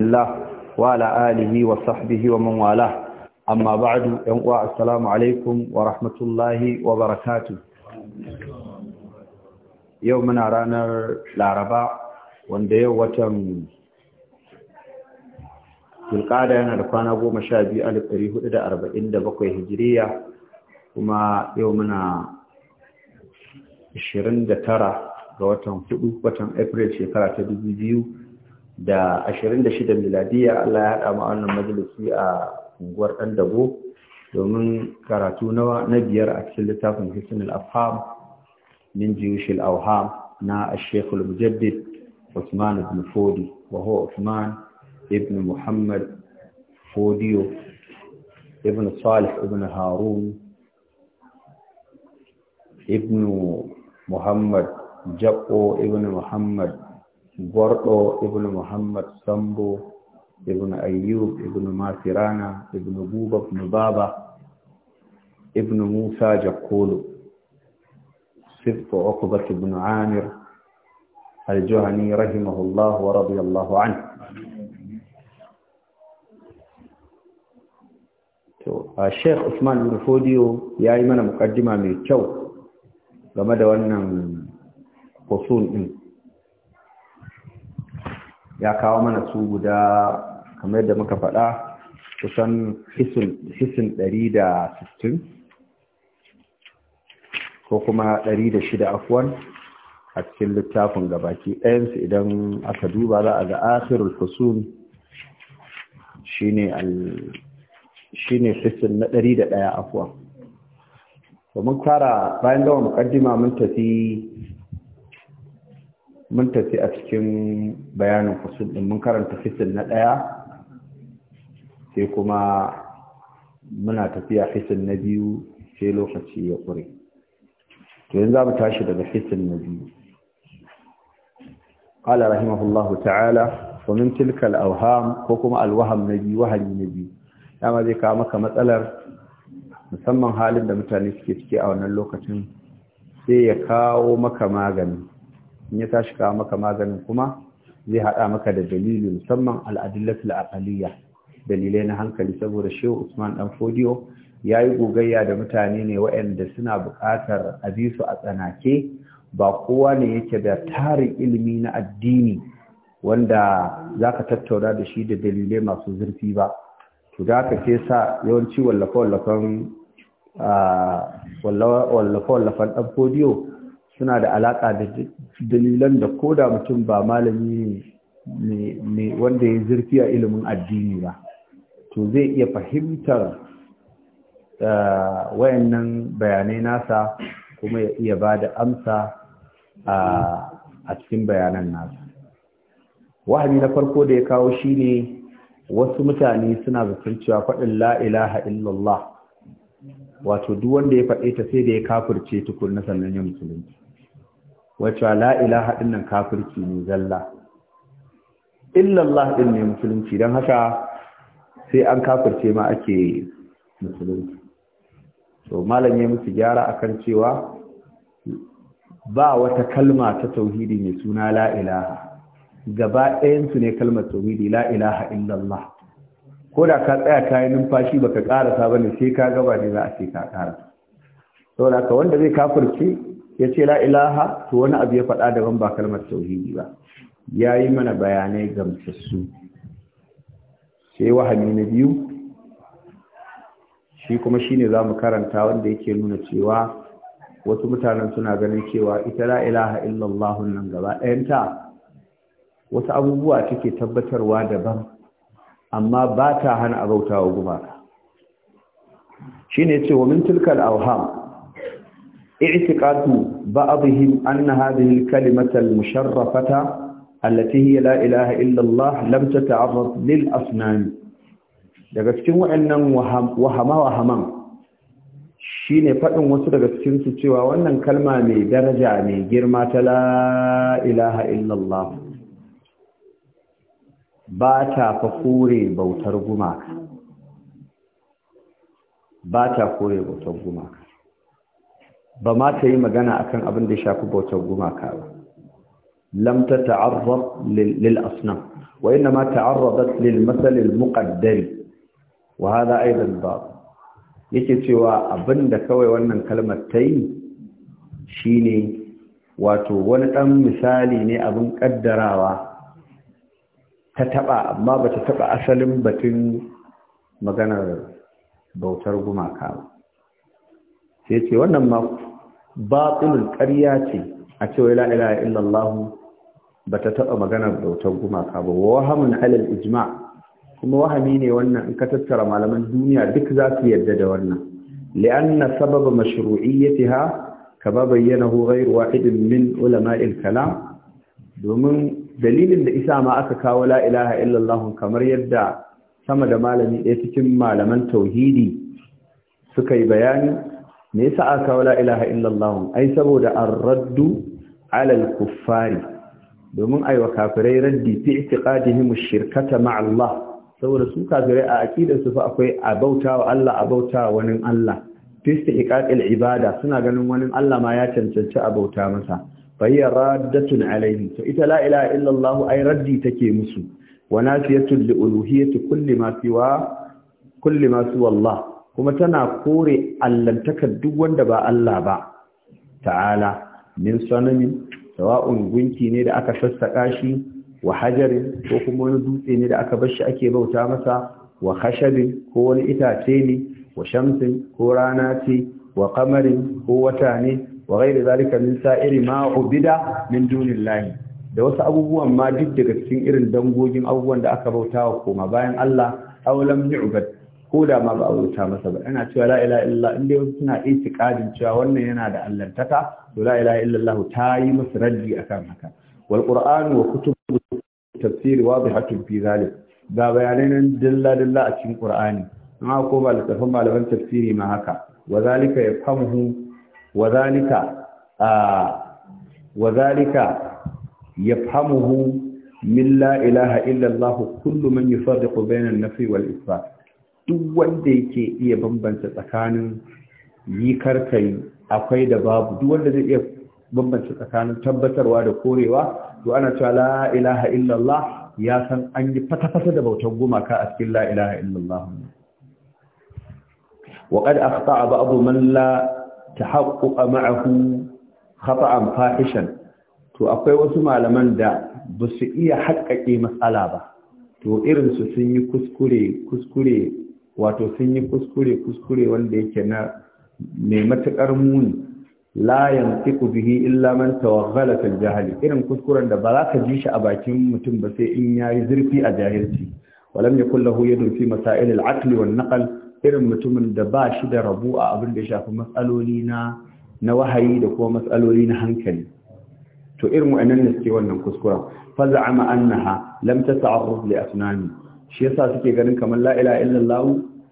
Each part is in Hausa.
الله وعلى آله وصحبه ومن والاه أما بعد ينقوى السلام عليكم ورحمة الله وبركاته يومنا رانر العرباء وانده وتم tilkada yana da kwana goma sha biyu alif ɗari hudu da arba'in da bakwai hijiriya kuma yau muna ashirin da tara ga watan hudu watan april shekara ta dubu biyu da 26 miladiya Allah ya haɗa mu wannan majalisi a unguwar ɗan dago domin karatu na biyar a cikin littafin hisnul afham min jiyushil awham na ash-shaykh al-mujaddid Uthman ibn Fodi wa huwa Uthman ibn Muhammad Fodiyo ibn Salih ibn Harun ibn Muhammad Jabbo ibn Muhammad gwardo ibn muhammad sambo ibn ayyub ibn masirana ibn buba ibn baba ibn musa jakolo صفت عقبة بن عامر الجهني رحمه الله ورضي الله عنه Sheikh Usman bin Fodiyo ya yi mana mukaddima mai kyau game da wannan usul din ya kawo mana su guda kamar da muka faɗa kusan hisin ɗari da sittin ko kuma ɗari da shida afuwan a cikin littafin gabaki ɗayansu idan aka duba za a ga akhirul fusun shi ne hisin na ɗari da ɗaya afuwan mun kara bayan gama mukaddima mun tafi mun tafi a cikin bayanin kusur ɗin mun karanta fisil na ɗaya sai kuma muna tafiya fisil na biyu sai lokaci ya ƙure to yanzu za mu tashi daga fisil na biyu قال رحمه الله تعالى ومن تلك الأوهام كوكما الوهم نبي na biyu dama zai kawo maka matsalar musamman halin da mutane suke ciki a wannan lokacin sai ya kawo maka magani in ya tashi kawo maka maganin kuma zai haɗa maka da dalili musamman al'adillatul aqaliyya dalilai na hankali saboda shehu usman dan fodiyo ya yi gogayya da mutane ne waɗanda suna buƙatar a bi su a tsanake ba kowa ne yake da tarin ilimi na addini wanda za ka tattauna da shi da dalilai masu zurfi ba to da aka ke sa yawanci wallafe-wallafen ɗan ah, fodiyo suna da alaƙa da dalilan da ko da mutum ba malami ne wanda ya zurfi a ilimin addini ba to zai iya fahimtar eh, wayannan bayanai nasa kuma ya iya ba da amsa a cikin bayanan nasa wahani na farko da ya kawo shine wasu mutane suna zafin cewa faɗin la'ilaha illallah wato duk wanda ya faɗe ta sai da ya kafirce tukunna sannan ya musulunci wacce la ilaha dinnan kafirki ne zalla illallah din ne musulunci don haka sai an kafirce ma ake musulunci to malam ya musu gyara akan cewa ba wata kalma ta tauhidi mai suna la ilaha gaba ɗayansu ne kalmar tauhidi la ilaha illallah ko da ka tsaya ka yi numfashi baka karasa bane sai ka gaba ne za a ce ka karasa saboda ka wanda zai kafirce ya ce la'ilaha, to wani abu ya faɗa daban ba kalmar tauhidi ba ya yi mana bayanai gamsassu sai wahami na biyu shi kuma shi ne za mu karanta wanda yake nuna cewa wasu mutanen suna ganin cewa ita la'ilaha ilaha illallah nan gaba ɗayanta wasu abubuwa take tabbatarwa daban amma ba ta hana abautawa gumaka ne ce wa mintulkar tilkal awham i'tiqadu بعضهم أن هذه الكلمة المشرفة التي هي لا إله إلا الله لم تتعرض للأصنام daga cikin waɗannan wahama-wahaman shi ne faɗin wasu daga cikinsu cewa wannan kalma mai daraja mai girma ta la'ilaha illallah ba ta fa bautar gumaka ba ta kore bautar gumaka ba ma ta yi magana akan abin da ya shafi bautar gumaka ba lam ta ta'arrab lil asnam wa inna ma ta'arrabat lil masal al muqaddar wa hada aidan ba yake cewa abinda kawai wannan kalmar ta yi shine wato wani dan misali ne abin kaddarawa ta taba amma ba ta taba asalin batun maganar bautar gumaka ba sai ce wannan ma batilul ƙarya ce a cewa la'ilaha illallahu illallah ba ta taɓa maganar bautar gumaka ba wahamun alal ijma kuma wahami ne wannan in ka tattara malaman duniya duk za su yarda da wannan li'anna sababa mashru'iyyatiha bayyana bayyanahu ghayr wahidin min ulama'il kalam domin dalilin da isa ma aka kawo la ilaha kamar yadda sama da malami ɗaya cikin malaman tauhidi suka yi bayani me yasa aka kawo la ilaha illallah ai saboda ar-raddu ala al-kuffari domin aiwa kafirai raddi fi i'tiqadihim ash-shirkata ma'a Allah saboda su kafirai a aqidar su fa akwai abautawa Allah abautawa wani Allah fi istiqaqil ibada suna ganin wani Allah ma ya cancanci abauta masa fayya raddatun alaihi to ita la ilaha illallah ai raddi take musu wa nafiyatun li uluhiyyati kulli ma kulli ma siwa Allah kuma tana kore allantakar duk wanda ba Allah ba ta'ala min sanami sawa'un gunki ne da aka sassaka shi wa hajarin ko kuma wani dutse ne da aka bar shi ake bauta masa wa khashabin ko wani itace ne wa shamsin ko rana ce wa kamarin ko wata ne wa ghairi zalika min sa'iri ma ubida min dunillahi da wasu abubuwan ma duk daga cikin irin dangogin abubuwan da aka bauta wa koma bayan Allah aw lam yu'bad ko da ma ba a rubuta masa ba Ina cewa la ilaha illallah inda wasu suna itiqadin cewa wannan yana da allantaka to la ilaha illallah ta yi musu raddi akan haka wal qur'an wa kutubu tafsir wadihatun fi zalik ga bayanai nan dilla-dilla a cikin qur'ani amma ko ba littafin malaman tafsiri ma haka wa zalika yafhamuhu wa zalika wa zalika yafhamuhu min la ilaha illallah kullu man yufarriqu bayna an-nafi wal isbat duk wanda yake iya bambanta tsakanin yi karkai akwai da babu duk wanda zai iya bambanta tsakanin tabbatarwa da korewa to ana cewa la ilaha illallah ya san an yi fata-fata da bautar gumaka a cikin la ilaha illallah وقد أخطأ بعض من لا تحقق معه خطأ فاحشا to akwai wasu malaman da ba su iya haƙaƙe matsala ba to irinsu sun yi kuskure kuskure wato sun yi kuskure kuskure wanda yake na mai matuƙar muni Layan yantiqu bihi illa man tawaghala fil irin kuskuren da ba za ka ji shi a bakin mutum ba sai in yayi zurfi a jahilci walam yakul lahu yadun fi masail al aql wal naql irin mutumin da ba shi da rabu a abin da shafi matsaloli na na wahayi da kuma matsaloli na hankali to irin wa'annan ne suke wannan kuskuren fa za'ama annaha lam tas'arruf li asnani shi yasa suke ganin kamar Laila ilaha illallah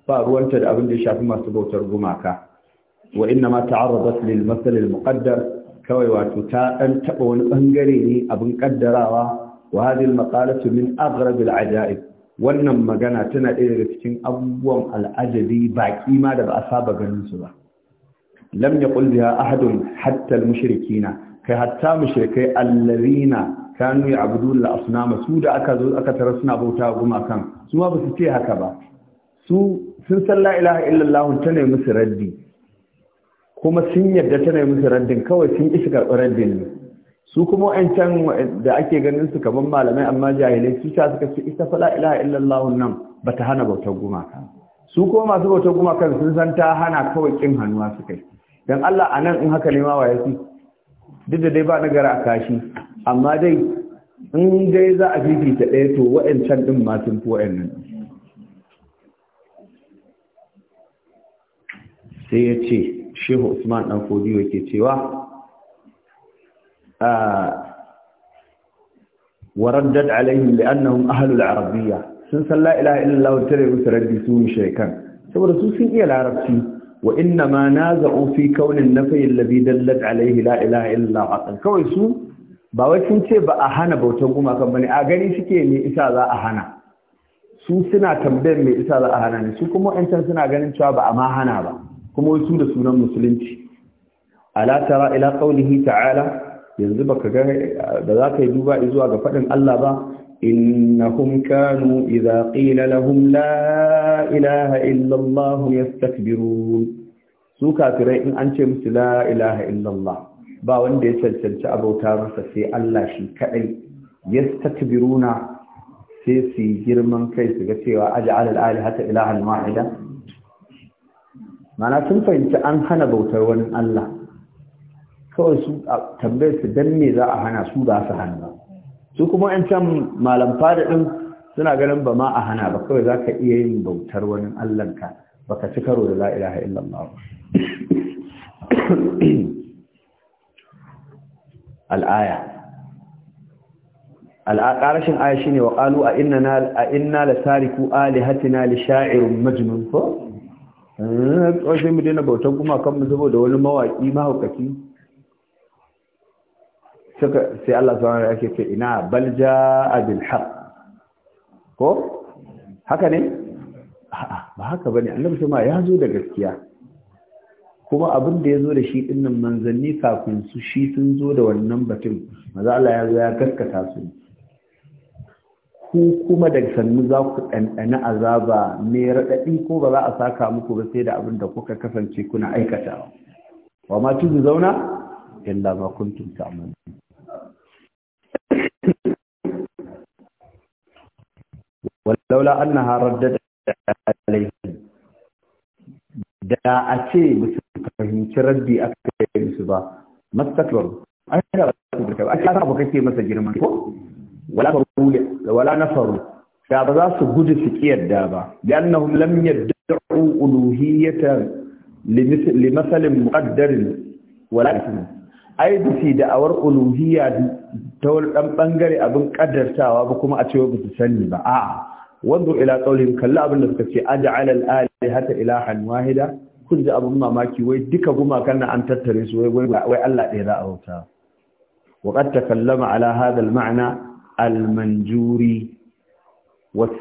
ba ruwanta da abin da ya shafi masu bautar gumaka wa inna ma ta'arradat lil masal al muqaddar kawai wato ta dan taba wani bangare ne abin kaddarawa wa hadhihi al maqalatu min aghrab al ajaib wannan magana tana ɗaya daga cikin abubuwan al'ajabi ba ma da ba a saba ganin su ba lam yaqul biha ahadun hatta al mushrikina kai hatta mushrikai allazina kanu ya abudul asnama su da aka zo aka tara suna bauta gumakan su ma ba su ce haka ba su sun san la ilaha illallah ta ne musu raddi kuma sun yarda ta ne musu raddin kawai sun isa karɓar raddin ne su kuma wa'ancan da ake ganin su kaman malamai amma jahilai su ta suka ce ita fa la ilaha illallah nan ba ta hana bautar gumakan. su kuma masu bautar gumakan sun san ta hana kawai kin hannuwa su kai dan Allah anan in haka ne ma waye su duk da dai ba nagara a kashi amma dai in dai za a fifita ɗaya to wa'ancan ɗin masu sun fi wa'annan sai ya ce shehu usman ɗan fodiyo ke cewa وردد عليهم لأنهم أهل arabiya sun san la ilaha illallah wa tare su mushrikan saboda su sun iya larabci wa inna ma naza'u fi kaunin nafi alladhi dallat alayhi la illallah kawai su ba wai sun ce ba a hana bautan gumakan ne a gani suke me isa za a hana su suna tambayar me isa za a hana ne su kuma can suna ganin cewa ba a ma hana ba kuma wai su da sunan musulunci ala tara ila qaulihi ta'ala yanzu baka ga da za ka yi duba zuwa ga faɗin Allah ba idza qila lahum la ilaha illa allah yastakbirun su kafirai in an ce musu la ilaha illa allah ba wanda ya cancanci abauta masa sai Allah shi kadai yastakbiruna sai su yi girman kai su ga cewa aj'al al-alihata ilahan wahida mana sun fahimci an hana bautar wani Allah kawai su tambayar su dan me za a hana su ba su hana su kuma yan can malam fada din suna ganin ba ma a hana ba kawai za ka iya yin bautar wani Allahnka baka ci karo da la ilaha illallah al'aya al'aƙarashin aya shi ne wa ƙalu a inna la tariku alihatina li sha'irin majnun ko? ƙwashin eh, mu dina bautan kuma kan mu saboda wani mawaƙi mahaukaci sai Allah sauran da ake ce ina balja abin haƙ ko? haka ne? ba haka ba ne annabi ma ya zo da gaskiya kuma abin da ya zo da shi dinnan manzanni kafin su shi sun zo da wannan batun maza Allah ya zo ya gaskata su ku kuma daga sannu za ku ɗanɗana azaba mai raɗaɗi ko ba za a saka muku ba sai da abin da kuka kasance kuna aikata wa ma tuzu zauna illa ma kuntum ta'malu walaula annaha raddat alayhi da a ce mutum ci raddi aka yi musu ba mastakbar an yi da su burka ba ake abu kake masa girman ko wala faru wala da ba za su gudu su ki yadda ba li'annahum lam yad'u uluhiyyata li masalin muqaddarin wala ismu ai da su da'awar uluhiyya ta wani dan bangare abin kaddartawa ba kuma a ce ba su sani ba a'a wanzu ila qawlihim kalla abin da suka ce aj'ala al-alihata ilahan wahida kun ji abin mamaki wai duka gumakan na an tattare su wai wai Allah ɗaya za a wauta wa qad takallama ala hadha al ma'na al manjuri wa al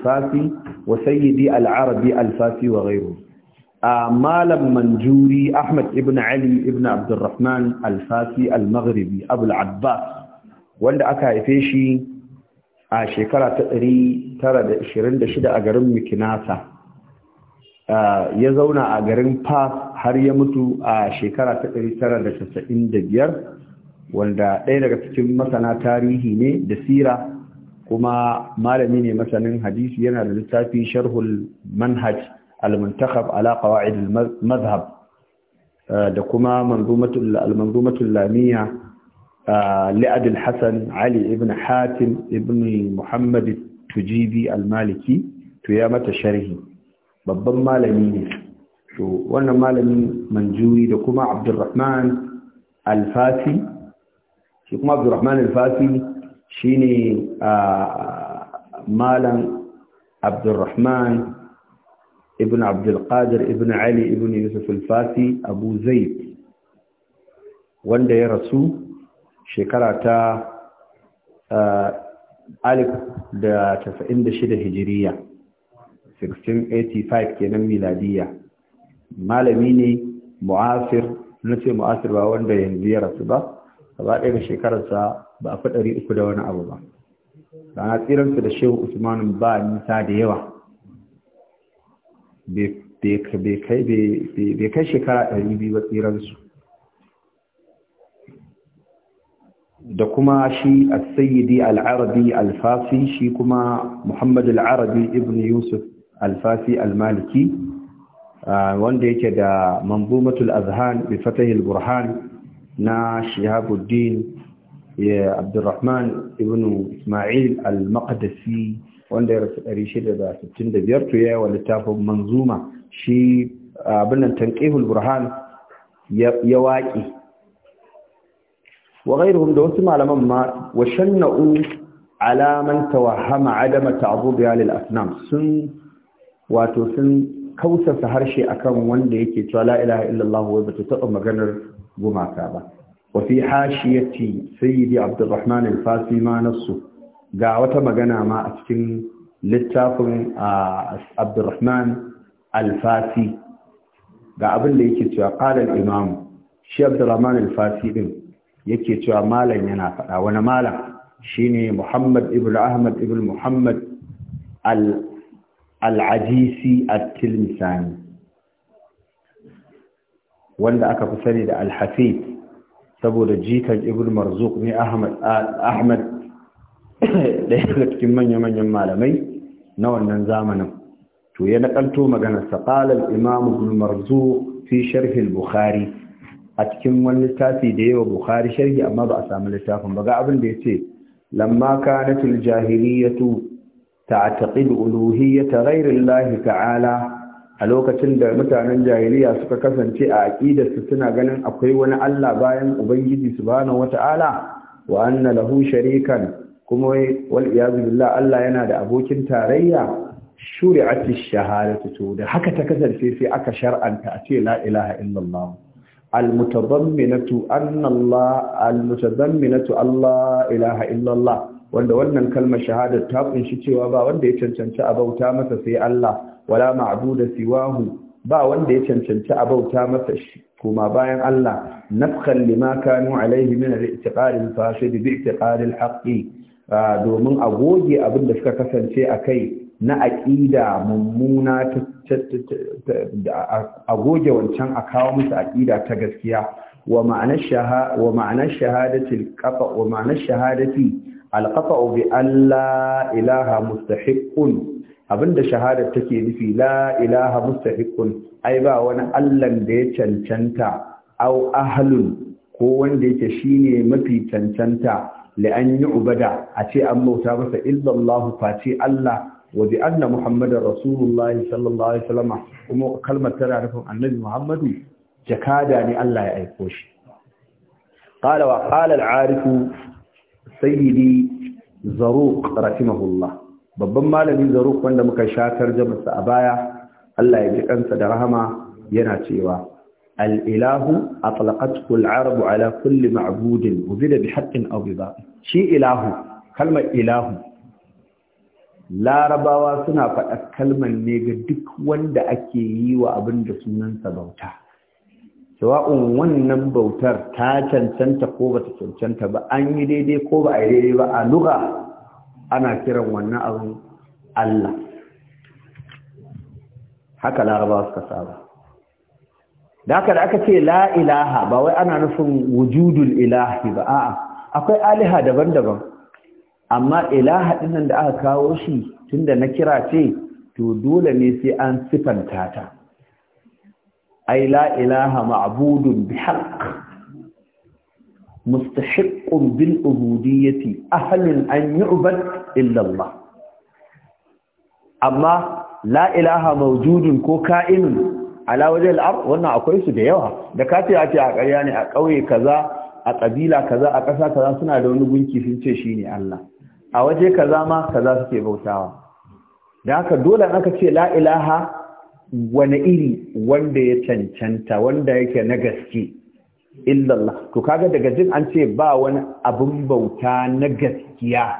fasi wa al arabi al fasi wa ghayru malam manjuri ahmad ibn ali ibn abd rahman al fasi al maghribi abu wanda aka haife shi a shekara ta 926 a garin mikinasa ya zauna a garin Fas har ya mutu a shekara ta da 1995 wanda ɗaya daga cikin masana tarihi ne da sira kuma malami ne masanin hadisi yana da littafi sharhul manhaj al-muntakhab ala qawaid al da kuma manzumatul al-manzumatul lamiyya li'ad hasan ali ibn hatim ibn muhammad tujibi al-maliki to ya mata sharhi babban malami ne to wannan malamin manjuri da kuma abdurrahman alfasi shi kuma abdurrahman alfasi shi ne malam abdurrahman ibn abdulkadir ibn ali ibn yusuf alfasi abu zaid wanda ya rasu shekara ta alif da shida hijiriya 1685 kenan miladiya malami ne mu'asir na ce mu'asir ba wanda yanzu ya rasu ba Ba ɗaya da shekararsa ba a fi ɗari uku da wani abu ba rana tsiransu da shehu usman ba nisa da yawa bai kai shekara ɗari biyu ba tsiransu da kuma shi a sayyidi al'arabi alfasi shi kuma muhammadu al'arabi ibn yusuf alfasi almaliki uh, wanda yake da manzumatul azhan bi fatahil burhan na shihabuddin ya abdurrahman ibn ismail al-maqdisi wanda ya rasu 665 to ya wa littafin manzuma shi uh, abin nan tanqihul burhan ya waƙi. wa ghairuhum da wasu malaman ma wa shanna'u ala tawahhama adama ta'dhubiha lil asnam sun wato sun kausasa harshe akan wanda yake cewa la ilaha illallah wai bata taɓa maganar gumaka ba wa fi hashiyati sayyidi abdurrahman al-fasi ma nasu ga wata magana ma a cikin littafin abdurrahman al-fasi ga abin da yake cewa qala al-imam shi abdurrahman al-fasi din yake cewa malam yana faɗa wani malam shine muhammad ibn ahmad ibn muhammad al al'ajisi at-tilmisani wanda aka fi sani da al saboda jikan ibn marzuq ne ahmad ahmad ɗaya daga cikin manya-manyan malamai na wannan zamanin to ya naƙalto maganar sa Imamu imam ibn marzuq fi sharh bukhari a cikin wani littafi da yawa bukhari sharhi amma ba a samu littafin ba ga abin da ce. lamma kanat al-jahiliyatu ta'taqidu uluhiya ghairi Allah ta'ala a lokacin da mutanen jahiliya suka kasance a aqidarsu suna ganin akwai wani Allah bayan ubangiji subhanahu wata'ala wa anna lahu sharikan kuma wal iyazu billah Allah yana da abokin tarayya shuri'ati ash-shahadatu to da haka ta kasance sai aka shar'anta a ce la ilaha illallah al-mutadamminatu anna Allah al-mutadamminatu Allah ilaha illallah wanda wannan kalmar shahadar ta kunshi cewa ba wanda ya cancanci a bauta masa sai Allah wala ma'budu siwahu ba wanda ya cancanci a bauta masa shi kuma bayan Allah nafkan lima kanu alaihi min al-i'tiqadil fasid bi i'tiqadil haqqi domin a goge abin da suka kasance a kai na aqida mummuna a goge wancan a kawo musu aqida ta gaskiya wa ma'anar shahadatil qata wa ma'anar shahadati Alƙafa bi Allah! ilaha mustahiqqun abinda shahadar take nufi la ilaha mustahiqun ai ba wani allan da ya cancanta au ahlun ko wanda yake shine mafi cancanta li an yu'bada a ce an bauta masa illa Allah face Allah wa bi anna muhammadar rasulullah sallallahu alaihi wasallam kuma kalmar tana nufin annabi muhammadu jakada ne Allah ya aiko shi Ƙala wa qala sayyidi zaruq rahimahullah babban malami zaruq wanda muka shatar jamusa a baya Allah ya ji kansa da rahama yana cewa al-ilahu atlaqathu al arabu ala kulli ma'budin ubida bi haqqin aw bi shi ilahu kalmar ilahu larabawa suna faɗa kalman ne ga duk wanda ake yi wa abin da sunansa bauta sawa'un wannan bautar ta cancanta ko ba ta cancanta ba an yi daidai ko ba a yi daidai ba a lura ana kiran wannan abin Allah haka laraba suka saba da haka da aka ce lailaha ba wai ana nufin wujudul ilahi ba a'a akwai aliha daban-daban amma ilaha dinnan da aka kawo shi tun da na kira ce to dole ne sai an sifanta ta ai la ilaha ma'budun bihaq mustahiqqun bil ubudiyyati ahlun an yu'bad illa Allah amma la ilaha mawjudun ko ka'imun ala wajen al'ar wannan akwai su da yawa da kace a ce a ƙarya ne a ƙauye kaza a ƙabila kaza a ƙasa kaza suna da wani gunki sun ce shine Allah a waje kaza ma kaza suke bautawa da haka dole an aka ce la ilaha wani iri wanda ya cancanta wanda yake na gaske illallah to kaga daga jin an ce ba wani abin bauta na gaskiya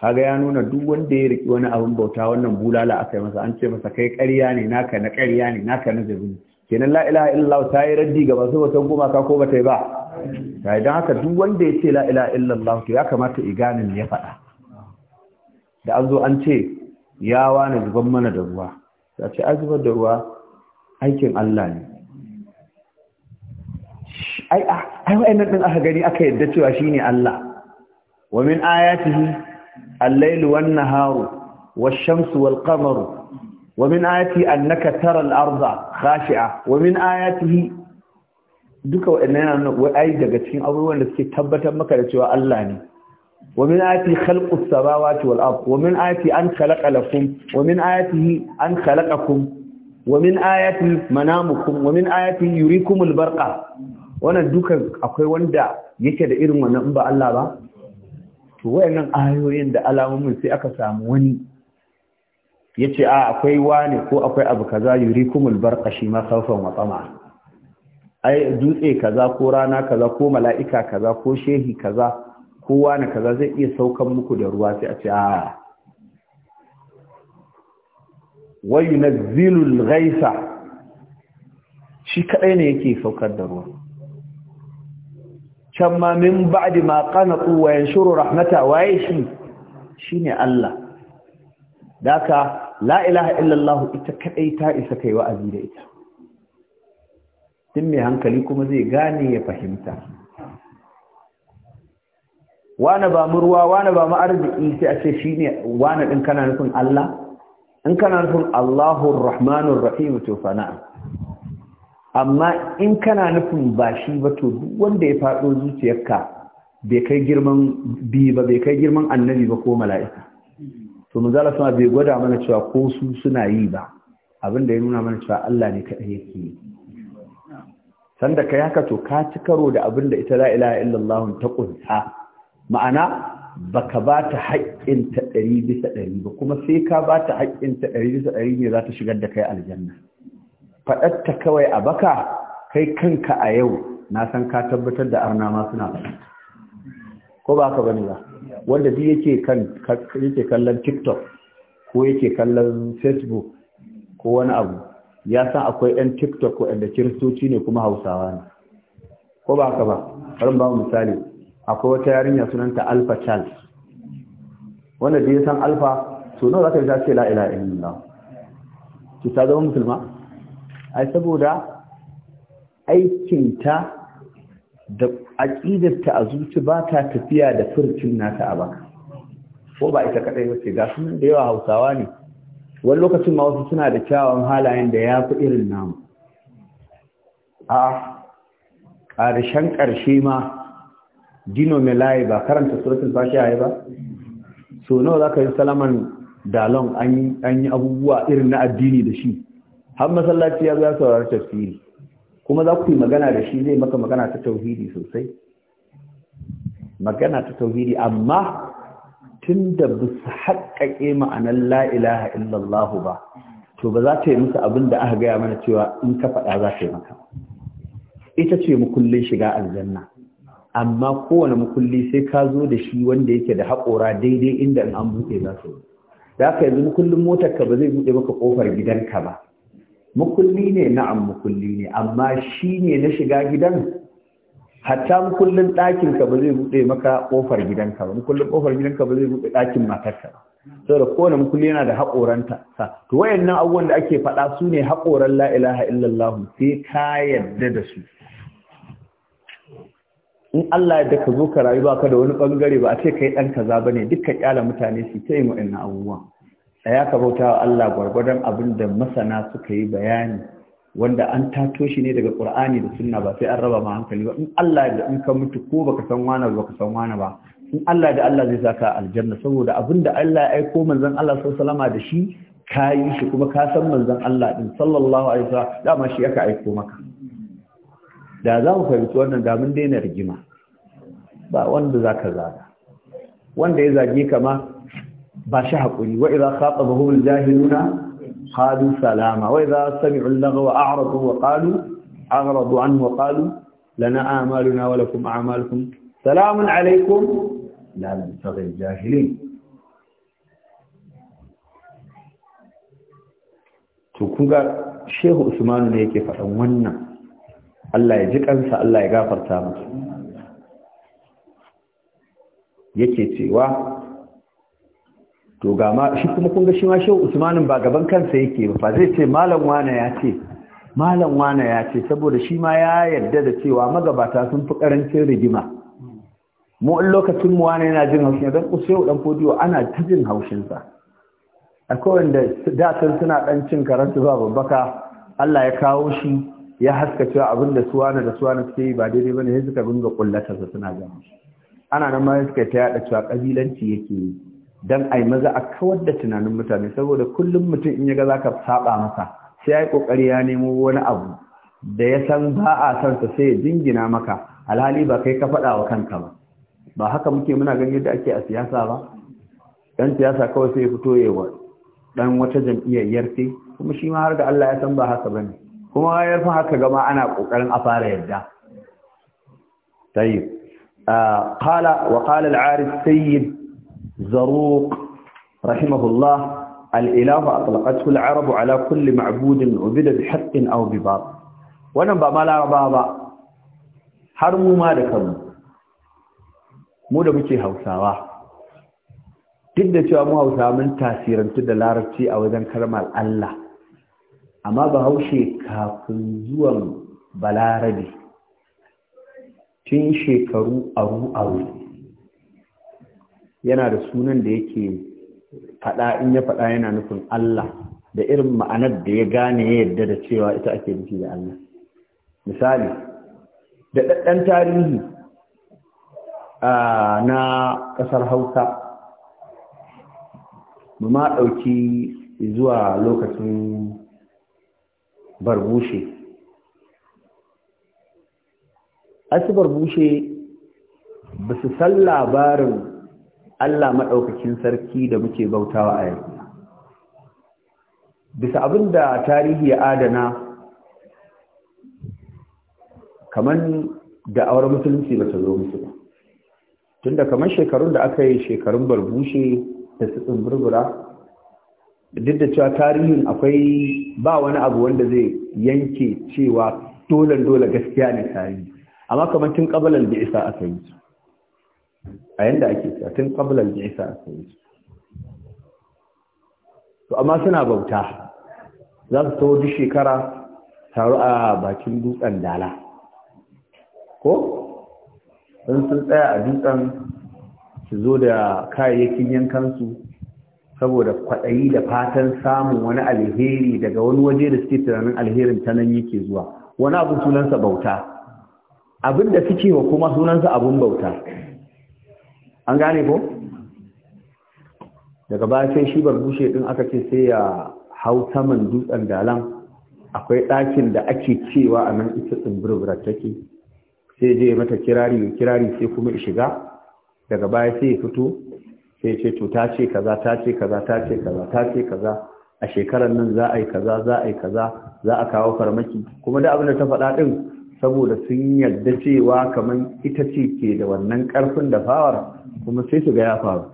kaga ya nuna duk wanda ya riki wani abin bauta wannan bulala aka yi masa an ce masa kai ƙarya ne naka na ƙarya ne naka na zabi kenan la ilaha illallah ta yi raddi ga masu wata ka ko bata yi ba ta idan haka duk wanda ya ce la ilaha illallah to ya kamata iganin ya faɗa da an zo an ce ya wani zuban mana da ruwa za ce azubar da ruwa aikin Allah ne ai ina wayannan din aka gani aka yadda cewa shi ne Allah wa min ayatihi al-lailu wan-naharu wa shamsu wal-qamaru wa min ayati annaka tara al-ardha khashi'a wa min ayatihi duka yana ai daga cikin abubuwan da suke tabbatar maka da cewa Allah ne ومن آياته خلق السماوات والأرض ومن آياته أن خلق لكم ومن آياته أن خلقكم ومن آياته منامكم ومن آياته يريكم البرقة wannan dukan akwai wanda yake da irin wannan in ba Allah ba to wayannan ayoyin da alamomin sai aka samu wani yace a akwai wani ko akwai abu kaza yurikumul barqa shi ma khawfan wa tama ai dutse kaza ko rana kaza ko mala'ika kaza ko shehi kaza kowa na kaza zai iya saukan muku da ruwa sai a ce a wayu na zilul gaisa shi kaɗai ne yake saukar da ruwa can ma min ba'di ma qanatu wa rahmata waye shi shine Allah daka la ilaha illallah ita kadai ta isa kai wa'azi da ita tun mai hankali kuma zai gane ya fahimta wane ba mu ruwa wane ba mu sai a ce shi ne wane din kana nufin Allah in kana nufin Allahun Rahmanun Rahim to fana amma in kana nufin ba shi ba to duk wanda ya faɗo zuciyarka bai kai girman bi ba bai kai girman annabi ba ko mala'ika to zala suna bai gwada mana cewa ko su suna yi ba Abin da ya nuna mana cewa Allah ne kaɗai yake yi sanda kai haka to ka ci karo da abin da ita la ilaha illallah ta kunta ma'ana ba ka ba ta haƙƙinta ɗari bisa ɗari ba kuma sai ka ba ta haƙƙinta ɗari bisa ɗari ne za ta shigar da kai aljanna faɗar kawai a baka kai kanka a yau na san ka tabbatar da arna ma suna ba ko ba ka bane ba wanda duk yake kallon tiktok ko yake kallon facebook ko wani abu ya san akwai 'yan tiktok waɗanda kiristoci ne kuma hausawa ne ko ba ka ba har ba misali akwai wata yarinya sunanta alfa charles wanda da ya san alpha so nawa za ka ce la ilaha illallah ki ta zama musulma ai saboda aikinta da aƙidarta a zuci ba ta tafiya da furcin nata a baka ko ba ita kaɗai ba ce ga sunan da yawa hausawa ne wani lokacin ma wasu suna da kyawun halayen da ya fi irin namu a ƙarshen ƙarshe ma dino mai layi ba karanta suratul fatiha ba so nawa ka yi salaman dalon an yi abubuwa irin na addini da shi har masallaci ya za saurari tafsiri kuma za ku yi magana da shi zai maka magana ta tauhidi sosai magana ta tauhidi amma tun da ba su haƙaƙe ma'anar la'ilaha illallahu ba to ba za ta yi musu abin da aka gaya mana cewa in ka faɗa za ta yi maka ita ce mukullin shiga aljanna amma kowane mukulli sai ka zo da shi wanda yake da haƙora daidai inda in an buɗe za su da ka yanzu mukullin motarka ba zai buɗe maka ƙofar gidanka ba mukulli ne na'am mukulli ne amma shi ne na shiga gidan hatta mukullin ɗakinka ba zai buɗe maka ƙofar gidanka ba mukullin ƙofar gidanka ba zai buɗe ɗakin matarka ba saboda kowane mukulli yana da haƙoranta sa to wayannan abubuwan da ake faɗa su ne haƙoran la ilaha illallah sai ka yarda da su in Allah da ka zo ka rayu ba ka da wani bangare ba a ce kai ɗan kaza bane dukkan ƙyala mutane su ta yin wa'annan abubuwa tsaya ka bauta wa Allah gwargwadon abin da masana suka yi bayani wanda an tato shi ne daga ƙur'ani da Sunna ba sai an raba ma hankali ba in Allah da in ka mutu ko baka san wani ba ka san wani ba in Allah da Allah zai saka aljanna saboda abin da Allah ya aiko manzon Allah sallallahu alaihi da shi ka yi shi kuma ka san manzon Allah din sallallahu alaihi wasallam dama shi aka aiko maka da za mu fahimci wannan da mun daina rigima ba wanda za ka zaga wanda ya zage ka ma ba shi haƙuri wa idza khatabahum jahiluna? qalu salama wa idza sami'u al wa a'radu wa qalu aghradu anhu wa qalu lana a'maluna wa lakum a'malukum salamun alaykum la nabtaghi al-jahilin to kun ga shehu usmanu ne yake faɗan wannan Allah ya ji kansa Allah ya gafarta musu yake cewa to ga ma shi kuma kun ga shi ma shehu usmanin ba gaban kansa yake ba zai ce malam wane ya ce malam wane ya ce saboda shi ma ya yarda da cewa magabata sun fi karancin rigima mu in lokacin mu wane yana jin haushin dan usayu dan fodiyo ana ta jin haushin sa akwai wanda da suna dan cin karatu ba babbaka Allah ya kawo shi ya haska cewa abin da suwana da suwana suke yi ba daidai bane sai suka binga su suna gama ana nan ma suka ta yada cewa kabilanci yake yi dan ai maza a kawar da tunanin mutane saboda kullum mutum in ya ga zaka saba masa sai ya yi kokari ya nemo wani abu da ya san ba a san sa sai ya jingina maka alhali ba kai ka faɗa wa kanka ba ba haka muke muna ganin yadda ake a siyasa ba dan siyasa kawai sai ya fito wa dan wata jam'iyyar yarfe kuma shi ma har da Allah ya san ba haka bane kuma ya fi haka gama ana ƙoƙarin a fara yadda tayyib ah, qala wa qala arif sayyid zaruq rahimahullah al-ilah atlaqathu al ala kulli ma'bud ubida da haqqin aw bi wannan ba ma laraba ba har mu ma da kanu. mu da muke hausawa duk da cewa mu hausawa mun tasirantu da larabci a wajen kalmar Allah amma bahaushe kafin zuwan balarabe tun shekaru aru-aru yana da sunan da yake faɗa in ya faɗa yana nufin Allah da irin ma'anar da ya gane ya yadda da cewa ita ake nufi da Allah misali da ɗaɗɗan tarihi na ƙasar hausa mu ma ɗauki zuwa lokacin barbushe asibar barbushe ba su san labarin Allah maɗaukakin sarki da muke bautawa a yanzu bisa abin da tarihi ya adana kamar da awar musulunci ba ta zo musu ba tunda kamar shekarun da aka yi shekarun barbushe da su tsumburbura duk da cewa tarihin akwai ba wani abu wanda zai yanke cewa dolan dole gaskiya ne tarihi amma kamar tun kabalar da isa aka yi su a yanda ake cewa tun kabalar da isa aka yi su to amma suna bauta za su tawo duk shekara taru a bakin dutsen dala ko sun sun tsaya a dutsen su zo da kayayyakin yankansu saboda kwaɗayi da fatan samun wani alheri daga wani waje da suke tunanin alherin ta nan yake zuwa wani abu sunansa bauta abin da suke wa kuma sunansa abin bauta an gane ko daga baya sai shi barbushe din aka ce sai ya hau saman dutsen dalan akwai ɗakin da ake cewa a nan ita tsimbirbirar take sai je mata kirari kirari sai kuma shiga daga baya sai ya fito sai ce to ta ce kaza ta ce kaza ta ce kaza ta ce kaza a shekarar nan za a yi kaza za a yi kaza za a kawo farmaki kuma da abin da ta faɗa ɗin saboda sun yarda cewa kamar ita ce ke da wannan ƙarfin da fawar kuma sai su ga ya faru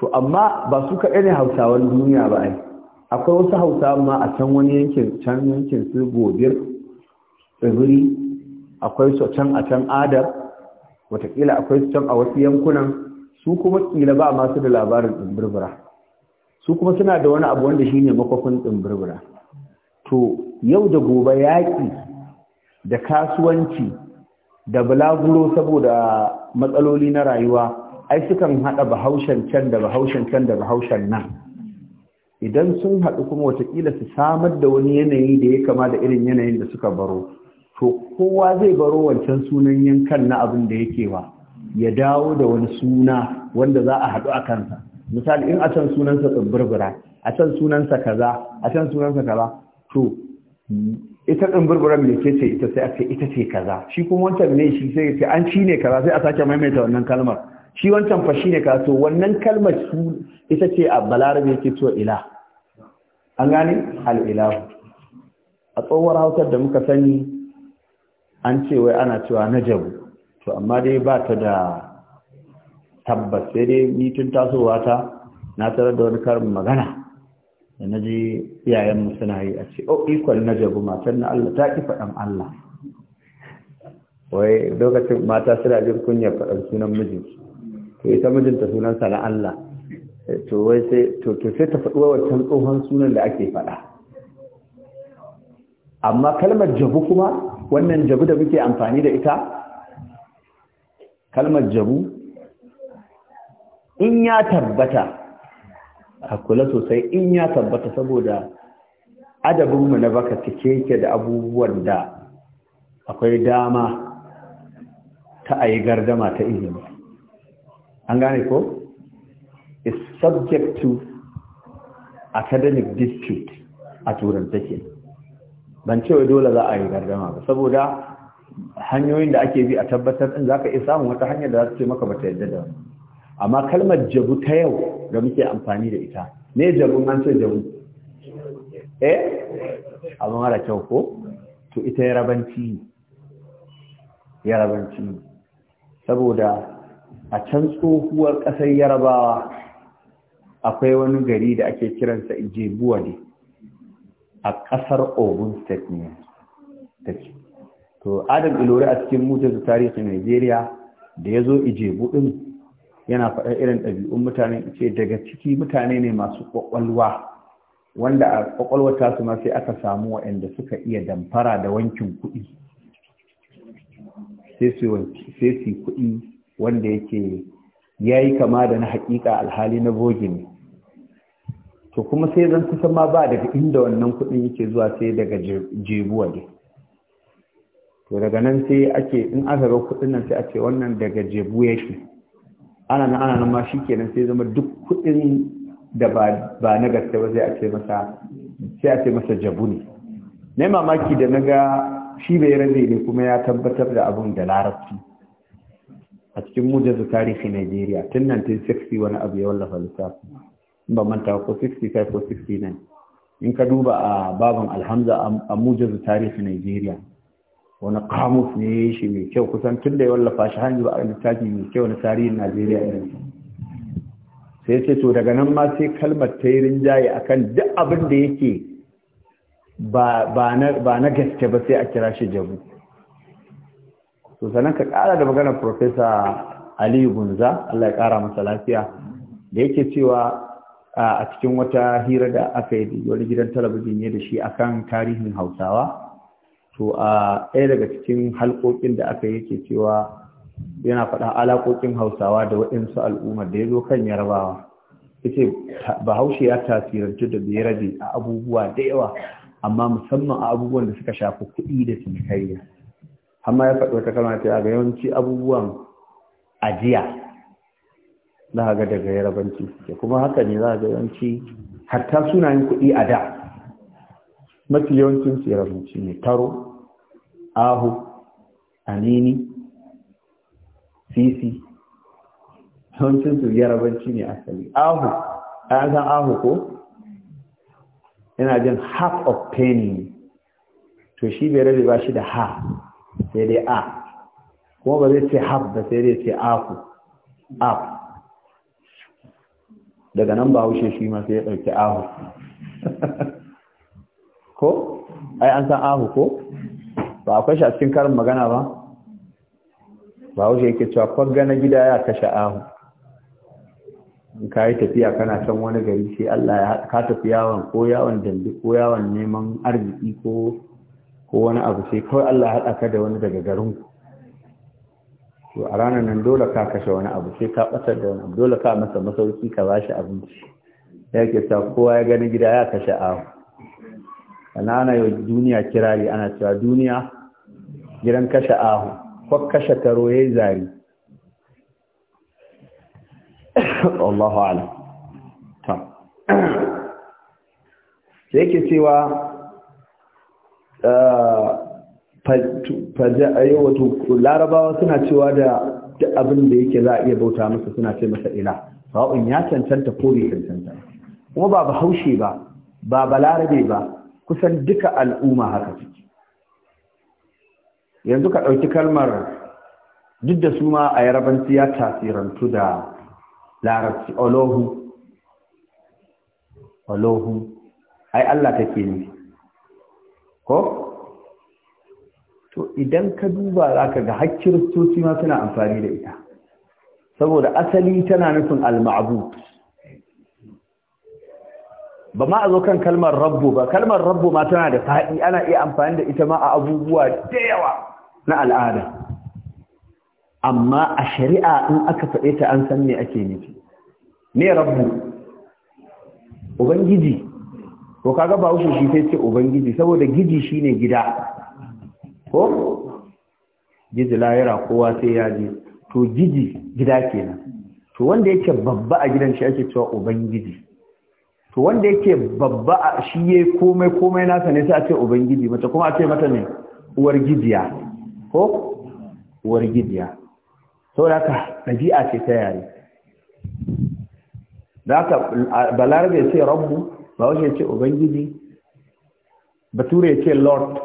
to amma ba su kaɗai ne hausawan duniya ba ai akwai wasu hausawan ma a can wani yankin can yankin su gobir tsibiri akwai su can a can adar Wataƙila akwai su can a wasu yankunan su kuma kila ba masu da labarin ɗimbirbira su kuma suna da wani abu wanda ne makwafin ɗimbirbira to yau da gobe yaƙi da kasuwanci da bulaguro saboda matsaloli na rayuwa ai sukan haɗa bahaushen can da bahaushen can da bahaushen nan idan sun haɗu kuma watakila su samar da wani yanayi da ya kama da irin yanayin da suka baro to kowa zai baro wancan sunan yankan na abin da yake wa ya dawo da wani suna wanda za a haɗu a kansa misali in a can sunansa tsibirbira a can sunansa kaza a can sunansa kaza to ita tsibirbira me ke ce ita sai aka ita ce kaza shi kuma wancan ne shi sai ce an ci ne kaza sai a sake maimaita wannan kalmar shi wancan fa shine kaza to wannan kalmar ita ce a balarabe yake cewa ila an gane al a tsohuwar hausar da muka sani an ce wai ana cewa najabu to amma dai ba ta da tabbas sai dai ni tun tasowa ta na tarar da wani karin magana da na ji iyayenmu suna yi a ce oh ikon najabu matan na Allah ta ki faɗan Allah wai lokacin mata suna jin kunya faɗan sunan mijinsu to ita mijinta sunansa na Allah to wai sai to to sai ta faɗuwa wancan tsohon sunan da ake faɗa amma kalmar jabu kuma wannan jabu da muke amfani da ita kalmar jabu in ya tabbata a kula sosai in ya tabbata saboda adabinmu na baka cike yake da abubuwan da akwai dama ta ayi gardama ta ilimi an gane ko? is subject to academic dispute a turantake ban cewa dole za a yi gardama ba saboda hanyoyin da ake bi a tabbatar in zaka iya samun wata hanyar da za ta ce maka bata yadda da wani amma kalmar jabu ta yau da muke amfani da ita ne jabu an ce jabu eh amma mara kyau ko to ita yarabanci yarabanci saboda a can tsohuwar ƙasar yarabawa akwai wani gari da ake kiransa ijebuwa ne a ƙasar ogun state ne take to adam ilori a cikin mutum tarihin nigeria da ya zo ijebu ɗin yana faɗa irin ɗabi'un mutane ce daga ciki mutane ne masu ƙwaƙwalwa wanda a ƙwaƙwalwar tasu ma sai aka samu waɗanda suka iya damfara da wankin kuɗi sai su kuɗi wanda yake ya yi kama da na haƙiƙa alhali na bogi ne to kuma sai zan kusa ma ba daga inda wannan kuɗin yake zuwa sai daga jebuwa ne to daga nan sai ake in aka ga kuɗin nan sai a ce wannan daga jebu yake ana nan ana nan ma shi kenan sai zama duk kuɗin da ba na gaske ba sai a ce masa sai a ce masa jabu ne na mamaki da na ga shi bai rabe ne kuma ya tabbatar da abun da larabci a cikin mujazu tarihi Najeriya tun 1960 wani abu ya wallafa lissafi ba manta ko 65 ko 69 in ka duba a baban alhamza a mujazu tarihi Najeriya wani kamus ne shi mai kyau kusan tun da ya wallafa shi ba a littafi mai kyau na tarihin Najeriya irin sai ce to daga nan ma sai kalmar ta yi rinjaye kan duk abin da yake ba na gaske ba sai a kira shi jabu to sannan ka kara da maganar Profesa Aliyu Gunza Allah ya kara masa lafiya da yake cewa a cikin wata hira da aka yi wani gidan talabijin ne da shi akan tarihin hausawa to a ɗaya daga cikin halkokin da aka yake cewa yana faɗa alaƙoƙin hausawa da waɗansu al'ummar da ya zo kan yarbawa Ya yace bahaushe ya tasirantu da bai rabe a abubuwa da yawa amma musamman a abubuwan da suka shafi kuɗi da cinikayya amma ya faɗi wata kalma ta ga yawanci abubuwan ajiya za ga daga yarabanci suke kuma haka ne za ga yawanci hatta sunayen kuɗi a da mafi yawancin su yarabanci ne taro ahu anini sisi yawancin su yarabanci ne asali ahu an san ahu ko yana jin half of penny to shi bai rabe ba shi da ha, sai dai a kuma ba zai ce half ba sai dai ce ahu ahu daga nan ba haushe shi ma sai ya ɗauki ahu ko ai an san ahu ko ba a kwashe a cikin karin magana ba ba haushe yake cewa kwagga na gida ya kashe ahu in ka yi tafiya kana can wani gari sai Allah ya ka tafi yawon ko yawon dambe ko yawon neman arziki ko ko wani abu sai kawai Allah ya haɗa ka da wani daga garinku to a ranar nan dole ka kashe wani abu sai ka ɓatar da wani abu dole ka masa masauki ka ba shi abinci ya ke sa kowa ya gani gida ya kashe ahu sana ana yau duniya kirari ana cewa duniya gidan kashe ahu ko kashe taro ya yi zari Allahu ala ta sai ke cewa eh, larabawa suna cewa da abin da yake za a iya bauta masa suna ce masa ila ra'un ya cancanta ko bai cancanta kuma ba bahaushe ba ba balarabe ba kusan duka al'umma haka ciki yanzu ka ɗauki kalmar duk da su ma a yarabanci ya tasirantu da larabci olohu olohu ai Allah take ne ko to idan ka duba za ka ga har kiristoci ma suna amfani da ita saboda asali tana nufin al-ma'bud ba ma a zo kan kalmar rabbu ba kalmar rabbu ma tana da faɗi ana iya amfani da ita ma a abubuwa da yawa na al'ada amma a shari'a in aka faɗe ta an san me ake nufi ne rabbu ubangiji ko kaga ba wuce shi sai ce ubangiji saboda giji shine gida ko giji layira kowa sai ya je to gidi gida kenan to wanda yake babba a gidan shi ake cewa ubangiji to wanda yake babba a shi yayi komai komai nasa ne sai a ce ubangiji mace kuma a ce mata ne uwar gidiya ko uwar gidiya saboda haka dabi'a ce ta yare da haka balarabe ya ce rabbu ba wace ce ubangiji bature ya ce lord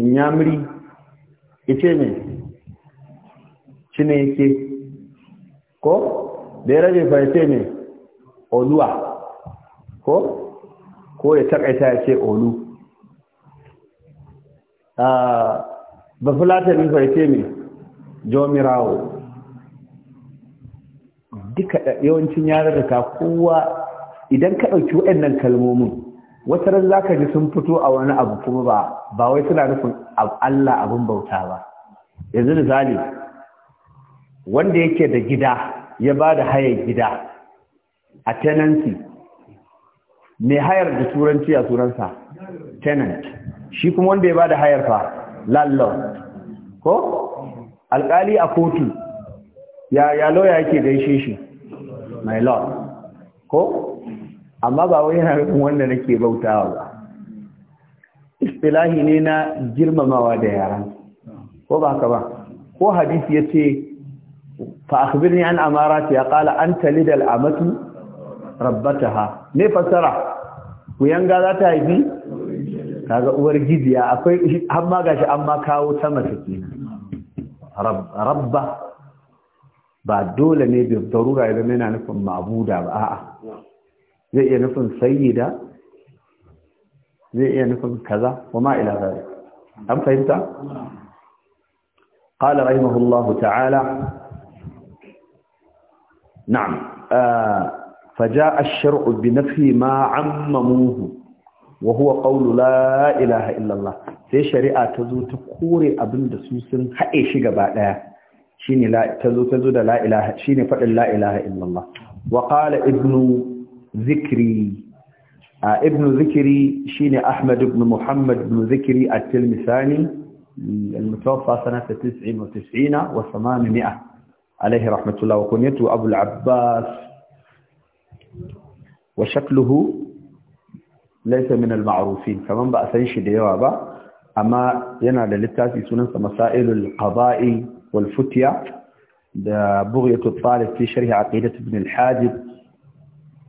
in yamuri ice ne cineke ko da ya rage fahimce ne oluwa ko ko ya takaita ya ce olu ah, ba ne fahimce ne jomirawo duka yawancin da kowa idan ka ɗauki waɗannan kalmomin wata ran ka ji sun fito a wani abu kuma ba ba wai suna nufin Allah abin bauta ba yanzu misali wanda yake da gida ya ba da hayar gida a tenancy mai hayar da turanci a turansa tenant shi kuma wanda ya ba da hayar fa landlord ko alkali a kotu ya ya lawyer yake gaishe shi my lord ko amma ba wai yana nufin wanda nake bautawa ba istilahi ne na girmamawa da yaran ko ba ka ba ko hadisi yace fa akhbirni an amarati ya qala anta lidal amatu rabbataha ne fasara ku yanga za ta haifi kaga uwar gidiya akwai amma gashi an ma kawo ta mace rabba ba dole ne da darura idan yana nufin ma'buda ba a'a zai iya nufin sayida, zai iya nufin kaza kuma ila zalik an fahimta qala rahimahullahu ta'ala na'am فجاء الشرع بنفي ما عمموه وهو قول لا la ilaha illallah sai shari'a ta zo ta kore abin da su sun haɗe shi gaba ɗaya shine ta zo ta zo da la ilaha shine faɗin la ilaha illallah wa qala ibnu ذكري ابن ذكري شيني أحمد بن محمد بن ذكري التلمساني المتوفى سنة 99 و800 عليه رحمة الله وكنيته أبو العباس وشكله ليس من المعروفين كمان بقى سنش ديوابا أما ينا للتاسي سننسى مسائل القضاء والفتية بغية الطالب في شرح عقيدة ابن الحاجب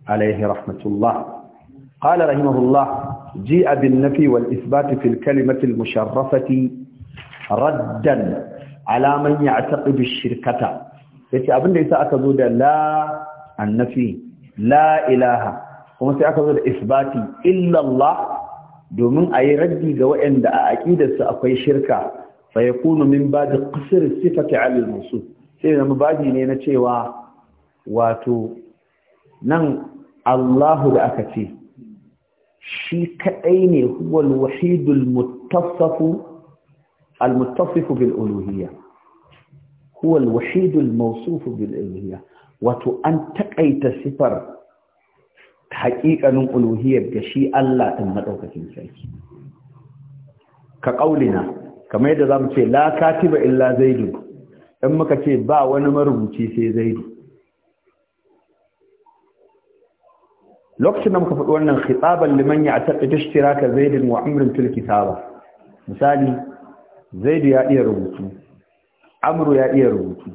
alaihi rahmatullah qala rahimahullah ji'a bin nafi wal isbat fi al kalimati al musharrafati raddan ala man ya'taqidu shirkata yace abinda yasa aka zo da la annafi la ilaha kuma sai aka zo da isbati illa Allah domin ayi raddi ga waɗanda a aqidarsu akwai shirka fa yakunu min ba'd qasr sifati 'ala al sai zama baji ne na cewa wato nan Allahu da aka ce shi kadai ne huwal wahidul muttasafu al muttasifu bil huwal wahidul mawsufu bil wato an taƙaita sifar haƙiƙanin uluhiyyar da shi Allah ɗin maɗaukakin sarki. Ka ƙaulina, kamar yadda za mu ce, La katiba illa zaidu, in muka ce ba wani marubuci sai zaidu. lokacin da muka faɗi wannan khitaban liman ya taɓa tashtiraka zaidin wa amrin fil kitaba misali zaidu ya iya rubutu amru ya iya rubutu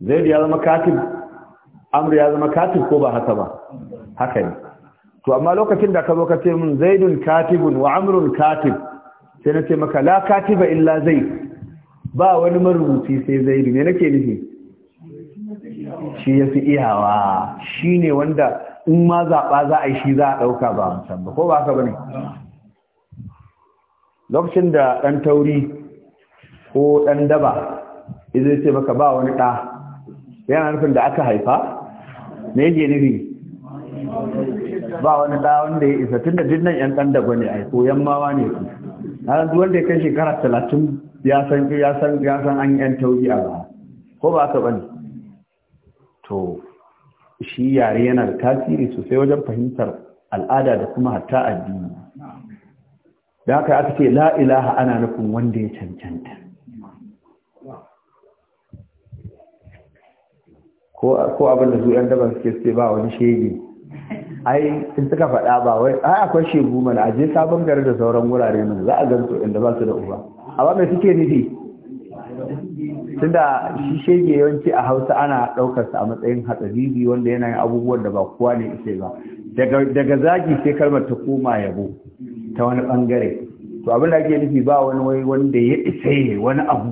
zaidu ya zama katib amru ya zama katib ko ba haka ba haka ne to amma lokacin da ka zo ka ce min zaidun katibun wa amrun katib sai na ce maka la katiba illa zaid ba wani marubuci sai zaidu ne nake nufi shi ya fi iyawa shi ne wanda in ma zaɓa za a yi shi za a ɗauka ba wancan ba ko ba ka ba ne lokacin da ɗan tauri ko ɗan daba izai ce maka ba wani ɗa yana nufin da aka haifa me yake nufi ba wani ɗa wanda ya isa tun da nan yan ɗan daba ne aiko, ko yammawa ne ku na duk wanda ya kai shekara talatin ya san ya san ya san an yan tauri a ba ko ba ka ne to shi yare yana da tasiri sosai wajen fahimtar al'ada da kuma hatta addini da haka aka ce la ana nufin wanda ya cancanta ko abin da zuwa daban suke suke ba wani shege ai in suka faɗa ba wai ai akwai shegu mana Aje sabon gari da sauran wurare mana za a ganto inda ba su da uba amma mai suke nufi tunda shi shege yawanci a hausa ana ɗaukar sa a matsayin hatsariri wanda yana yin abubuwan da ba kowa ne ise ba daga zagi sai kalmar ta koma yabo ta wani bangare to abin da ake nufi ba wani wai wanda ya isa wani abu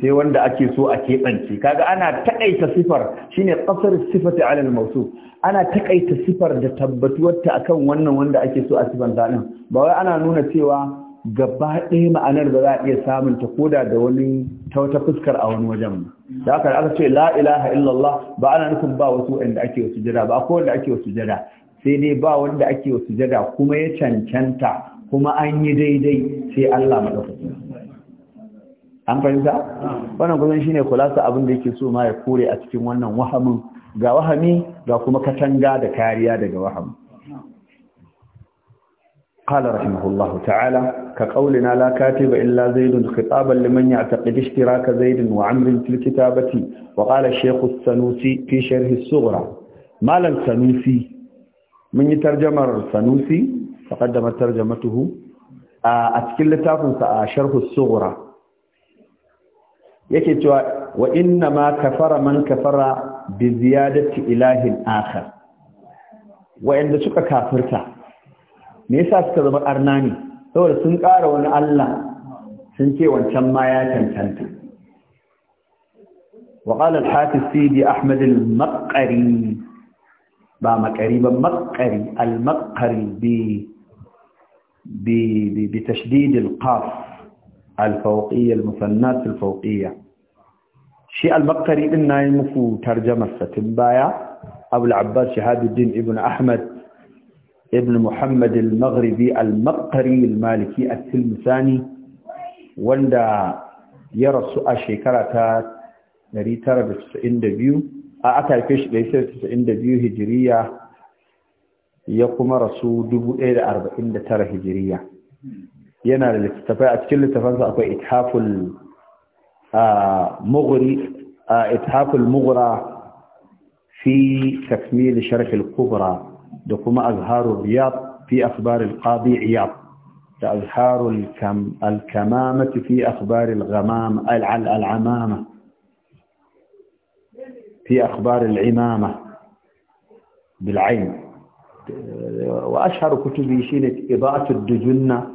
sai wanda ake so a keɓance kaga ana takaita sifar shine qasar sifati ala al-mawsuf ana takaita sifar da tabbatuwarta akan wannan wanda ake so a sifanta din ba wai ana nuna cewa gaba ɗaya ma'anar ba za a iya samun ta koda da wani ta wata fuskar a wani wajen da aka aka ce la ilaha illallah ba ana nufin ba wasu wanda ake wasu jada ba ko wanda ake wasu jada sai dai ba wanda ake wasu jada kuma ya cancanta kuma an yi daidai sai Allah madaukakin an fahimta wannan kusan shine kulasa abin da yake so ma ya kore a cikin wannan wahamin ga wahami ga kuma katanga da kariya daga wahamin. قال رحمه الله تعالى كقولنا لا كاتب إلا زيد خطابا لمن يعتقد اشتراك زيد وعمر في الكتابة وقال الشيخ السنوسي في شرح الصغرى مالا السنوسي من يترجم السنوسي فقدمت ترجمته أتكل تافن شرح الصغرى yake cewa wa inna ma kafara man kafara bi ziyadati ilahin akhar wa'anda suka kafirta me yasa suka zama arna saboda sun ƙara wani Allah sun ce wancan ma ya cancanta وقال الحافظ سيدي أحمد المقري با مقري با مقري المقري ب ب بتشديد القاف الفوقية المثنات الفوقية شيء المقري إنه يمفو ترجمة ستنبايا أبو العباس شهاد الدين ابن أحمد ابن Muhammadil المغربي المقري المالكي التلمساني وندا يرس wanda ya rasu a shekara aka haife shi 1992 hijriya ya kuma rasu 1049 hijriya yana da littafai a cikin littafansa akwai ithaful a mughri a ithaful mughra fi takmil sharh kubra دكما أزهار الرياض في أخبار القاضي عياض تأزهار الكم الكمامة في أخبار الغمامة العمامة في أخبار العمامة بالعين وأشهر كتب يشينة إضاءة الدجنة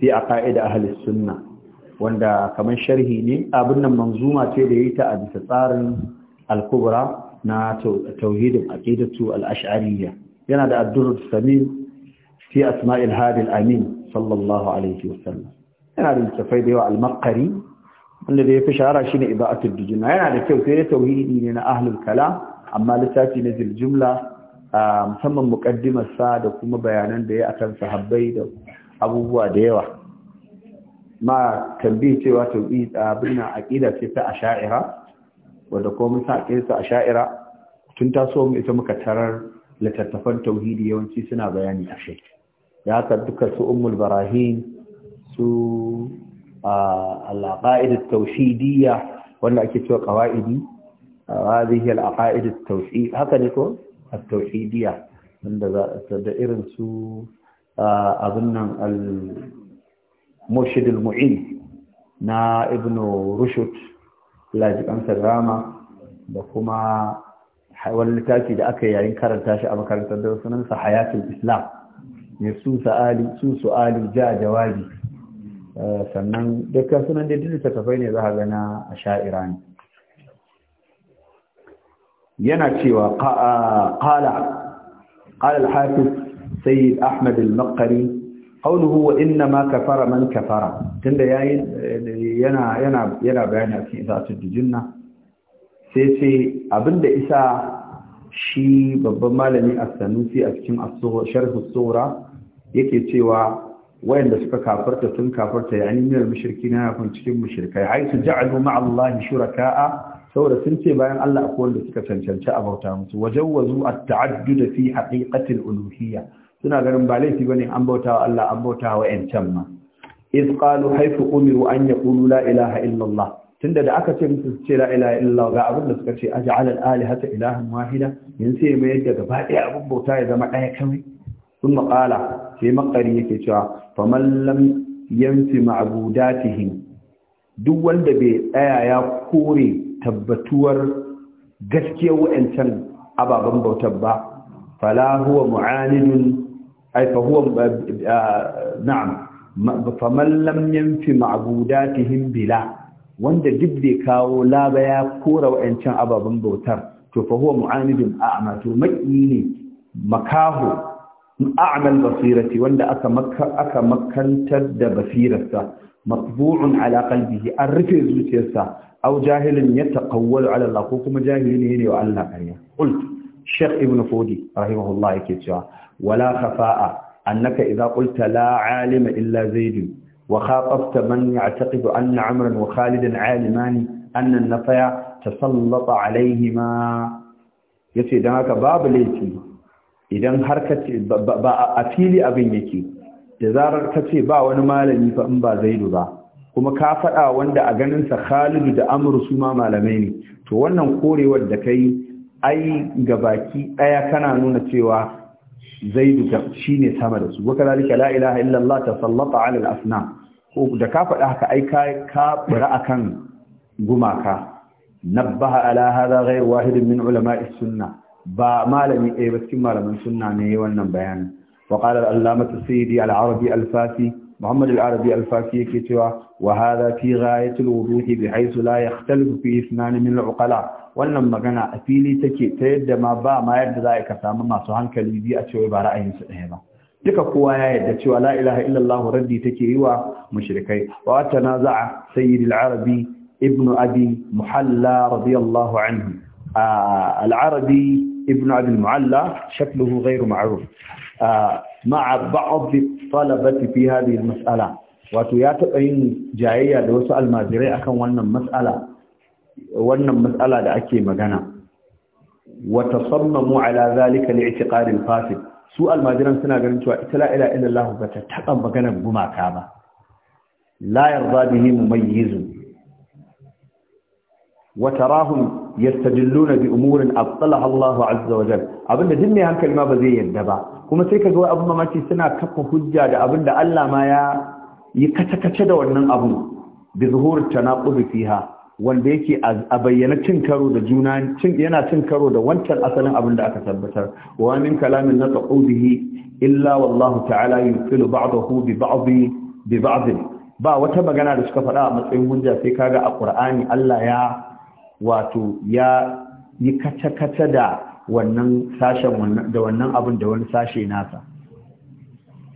في عقائد أهل السنة وعند كمان شرهيني أبنى منظومة تيديتا أدفتار الكبرى نا توحيد عقيدة الأشعرية yana da addu'ar samin fi asma'il hadil amin sallallahu alaihi wasallam yana da littafai da yawa al-maqari wanda da ya fi shahara shine ibadatul dijna yana da kyau sai da tauhidi ne na ahlul kalam amma littafi na zil jumla musamman muqaddimar sa da kuma bayanan da ya akan sahabbai da abubuwa da yawa ma tambayi cewa tauhid abin na aqida ce ta asha'ira wanda ko mun sa aqida asha'ira tun taso mu ita muka tarar littattafan tauhidi yawanci suna bayani a shi da haka duka su ummul barahim su al-aqaid tawhidiyya wanda ake cewa qawaidi hadhihi al tawhid haka ne ko tawhidiyya wanda za da irin su abin nan al-mushid al-mu'in na ibnu rushd lajikan sarrama da kuma wani littafi da aka yayin karanta shi a makarantar da sunan sa hayatul islam ne su su su'ali ja jawabi eh, sannan duka sunan da dinta kafai ne za ka gana a sha'ira ne yana cewa qala qala hafiz sayyid ahmad al-maqri qawluhu wa inna ma kafara man kafara tunda yayin eh, yana yana yana bayani a cikin zatu dijinna sai ce abinda isa shi babban malami a sanusi a cikin sharhu sura yake cewa wayanda suka kafarta sun kafarta ya ni minal mashirki na kun cikin mushrikai ai su ja'alu ma'allahi shuraka'a saboda sun ce bayan Allah akwai wanda suka cancanci a bauta musu a at da fi haqiqati uluhiyya suna ganin ba laifi ne an bauta Allah an bauta wa yancan ma iz qalu haythu umiru an yaqulu la ilaha illallah. tunda da aka ce musu ce la ilaha illallah ga abin da suka ce aj'al Ali alihata ilahan wahida yanzu sai mai yadda gaba daya abin bauta ya zama ɗaya kawai sun maqala sai makari yake cewa faman yanfi ma'budatihim duk wanda bai tsaya ya kore tabbatuwar gaskiyar wa'ancan ababen bautar ba fala huwa mu'anidun ay fa huwa eh, na'am yanfi ma'budatihim bila wanda duk bai kawo laba ya kora wa'ancan ababen bautar to fa huwa mu'anidun a'ma to maki ne makaho a'mal basirati wanda aka makka aka makantar da basirarsa matbu'un ala qalbihi an rufe zuciyarsa aw jahilun yataqawwalu ala Allah ko kuma jahili ne wa Allah kariya qult shaykh ibn fudi rahimahullah yake cewa wala khafa'a annaka idza qulta la alima illa zaidun وخاطبت من يعتقد أن عمرا وخالدا عالمان أن النفع تسلط عليهما yace dan haka babu laifi idan har kace ba a fili abin yake da zarar kace ba wani malami fa in ba zaidu ba kuma ka faɗa wanda a ganinsa Khalidu da Amru su ma malamai ne to wannan korewar da kai ai baki ɗaya kana nuna cewa zaidu shine sama da su waka zalika la ilaha illa Allah tasallata ala al-asnam da ka faɗa haka ai ka a kan gumaka nabbaha ala hadha ghayr wahid min ulama'i sunna ba malami ɗaya ba cikin malaman sunna ne wannan bayanin wa qala al-allamatu sayyidi al-arabi al-fasi muhammad al-arabi al yake cewa wa hadha fi ghayati al-wuduh bihaythu la yakhtalifu fi ithnan min al wannan magana a fili take ta yadda ma ba ma yadda za ka samu masu hankali bi a cewa ba ra'ayin su ɗaya ba duka kowa ya yadda cewa la ilaha illallah raddi take yi wa mushrikai wa tanaza'a sayyid al-arabi ibn abi muhalla radiyallahu anhu al-arabi ibn abi muhalla shakluhu ghayr ma'ruf ma'a ba'd talabati fi hadhihi masala wato ya taba yin jayayya da wasu almajirai akan wannan mas'ala wannan mas'ala da ake magana wa tasammamu ala zalika li'tiqad al-fasid su almajiran suna ganin cewa ita la ilaha illallah ba ta taba maganar gumaka ba la yarda bihi mumayyiz wa tarahum bi umurin abtalaha allahu azza wa jalla abinda duk mai hankali ma ba zai yadda ba kuma sai kaga abin mamaki suna kafa hujja da da Allah ma ya yi kace-kace da wannan abun bi na tanaqub fiha wanda yake a bayyana cin karo da juna yana cin karo da wancan asalin abin da aka tabbatar wa min kalamin na bihi illa wallahu ta'ala yuqilu ba'dahu bi ba'dhi bi ba'dhi ba wata magana da suka faɗa a matsayin hujja sai kaga a Qur'ani Allah ya wato ya yi kata kata da wannan sashen da wannan abin da wani sashe nasa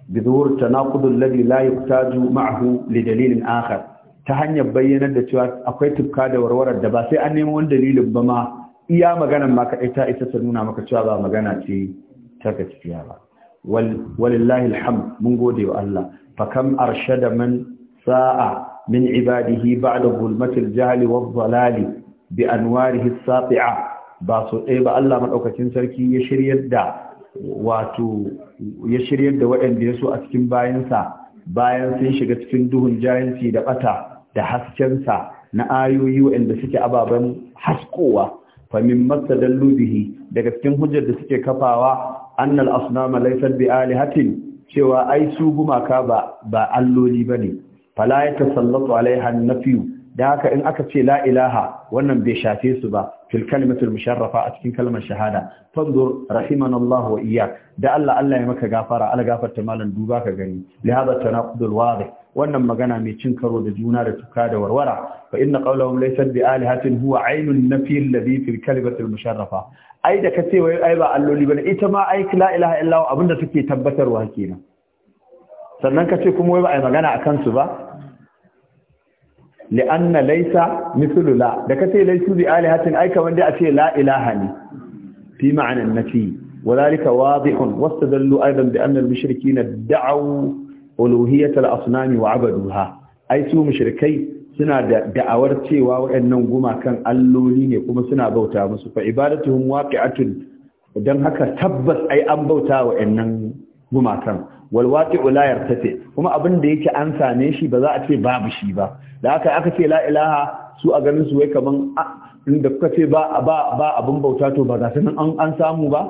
bi zuhur tanaqudul ladhi la yuqtaju mahu li dalilin akhar ta hanyar bayyanar da cewa akwai tufka da warwarar da ba sai an nemo wani dalilin ba ma iya maganar ma kaɗai ta ita ta nuna maka cewa ba magana ce ta gaskiya ba walillahi alhamd mun gode wa Allah fa kam arshada man sa'a min ibadihi ba'da zulmatil jahli wad dalali bi anwarihi as satia ba so dai ba Allah madaukakin sarki ya shiryar da wato ya shiryar da waɗanda ya so a cikin bayansa bayan sun shiga cikin duhun jahilci da bata da haskensa na ayoyi waɗanda suke ababen haskowa famin masadallu lubihi, daga cikin hujjar da suke kafawa annal asnama laysat bi alihatin cewa ai su gumaka ba ba alloli bane fala yatasallatu alaiha nafi'u da haka in aka ce la ilaha wannan bai shafe su ba fil kalimatul musharrafa a cikin kalmar shahada fanzur rahimanallahu wa iyyak da Allah Allah ya maka gafara Allah gafarta malan duba ka gani li hadha tanaqudul wadih wannan magana mai cin karo da juna da tuka da warwara fa inna qawlahum laysa bi alihatin huwa aynun nafi alladhi fil kalimati al musharrafa ai da kace wai ai ba alloli bane ita ma ai la ilaha illa Allah abinda take tabbatarwa kenan sannan kace kuma wai ba ai magana akan su ba li'anna laysa mithlu la da kace laysu bi alihatin ai kamar dai a ce la ilaha ne fi ma'anan nafi وذلك واضح واستدلوا أيضا بأن المشركين ادعوا uluhiyatul asnami wa abaduha ai su mushrikai suna da da'awar cewa waɗannan gumakan alloli ne kuma suna bauta musu fa ibadatuhum waqi'atun dan haka tabbas ai an bauta waɗannan gumakan wal waqi'u la yartafi kuma abin da yake an same shi ba za a ce babu shi ba da haka aka ce la ilaha su a ganin su wai kaman inda kuka ce ba ba ba abin bauta to ba ga nan an samu ba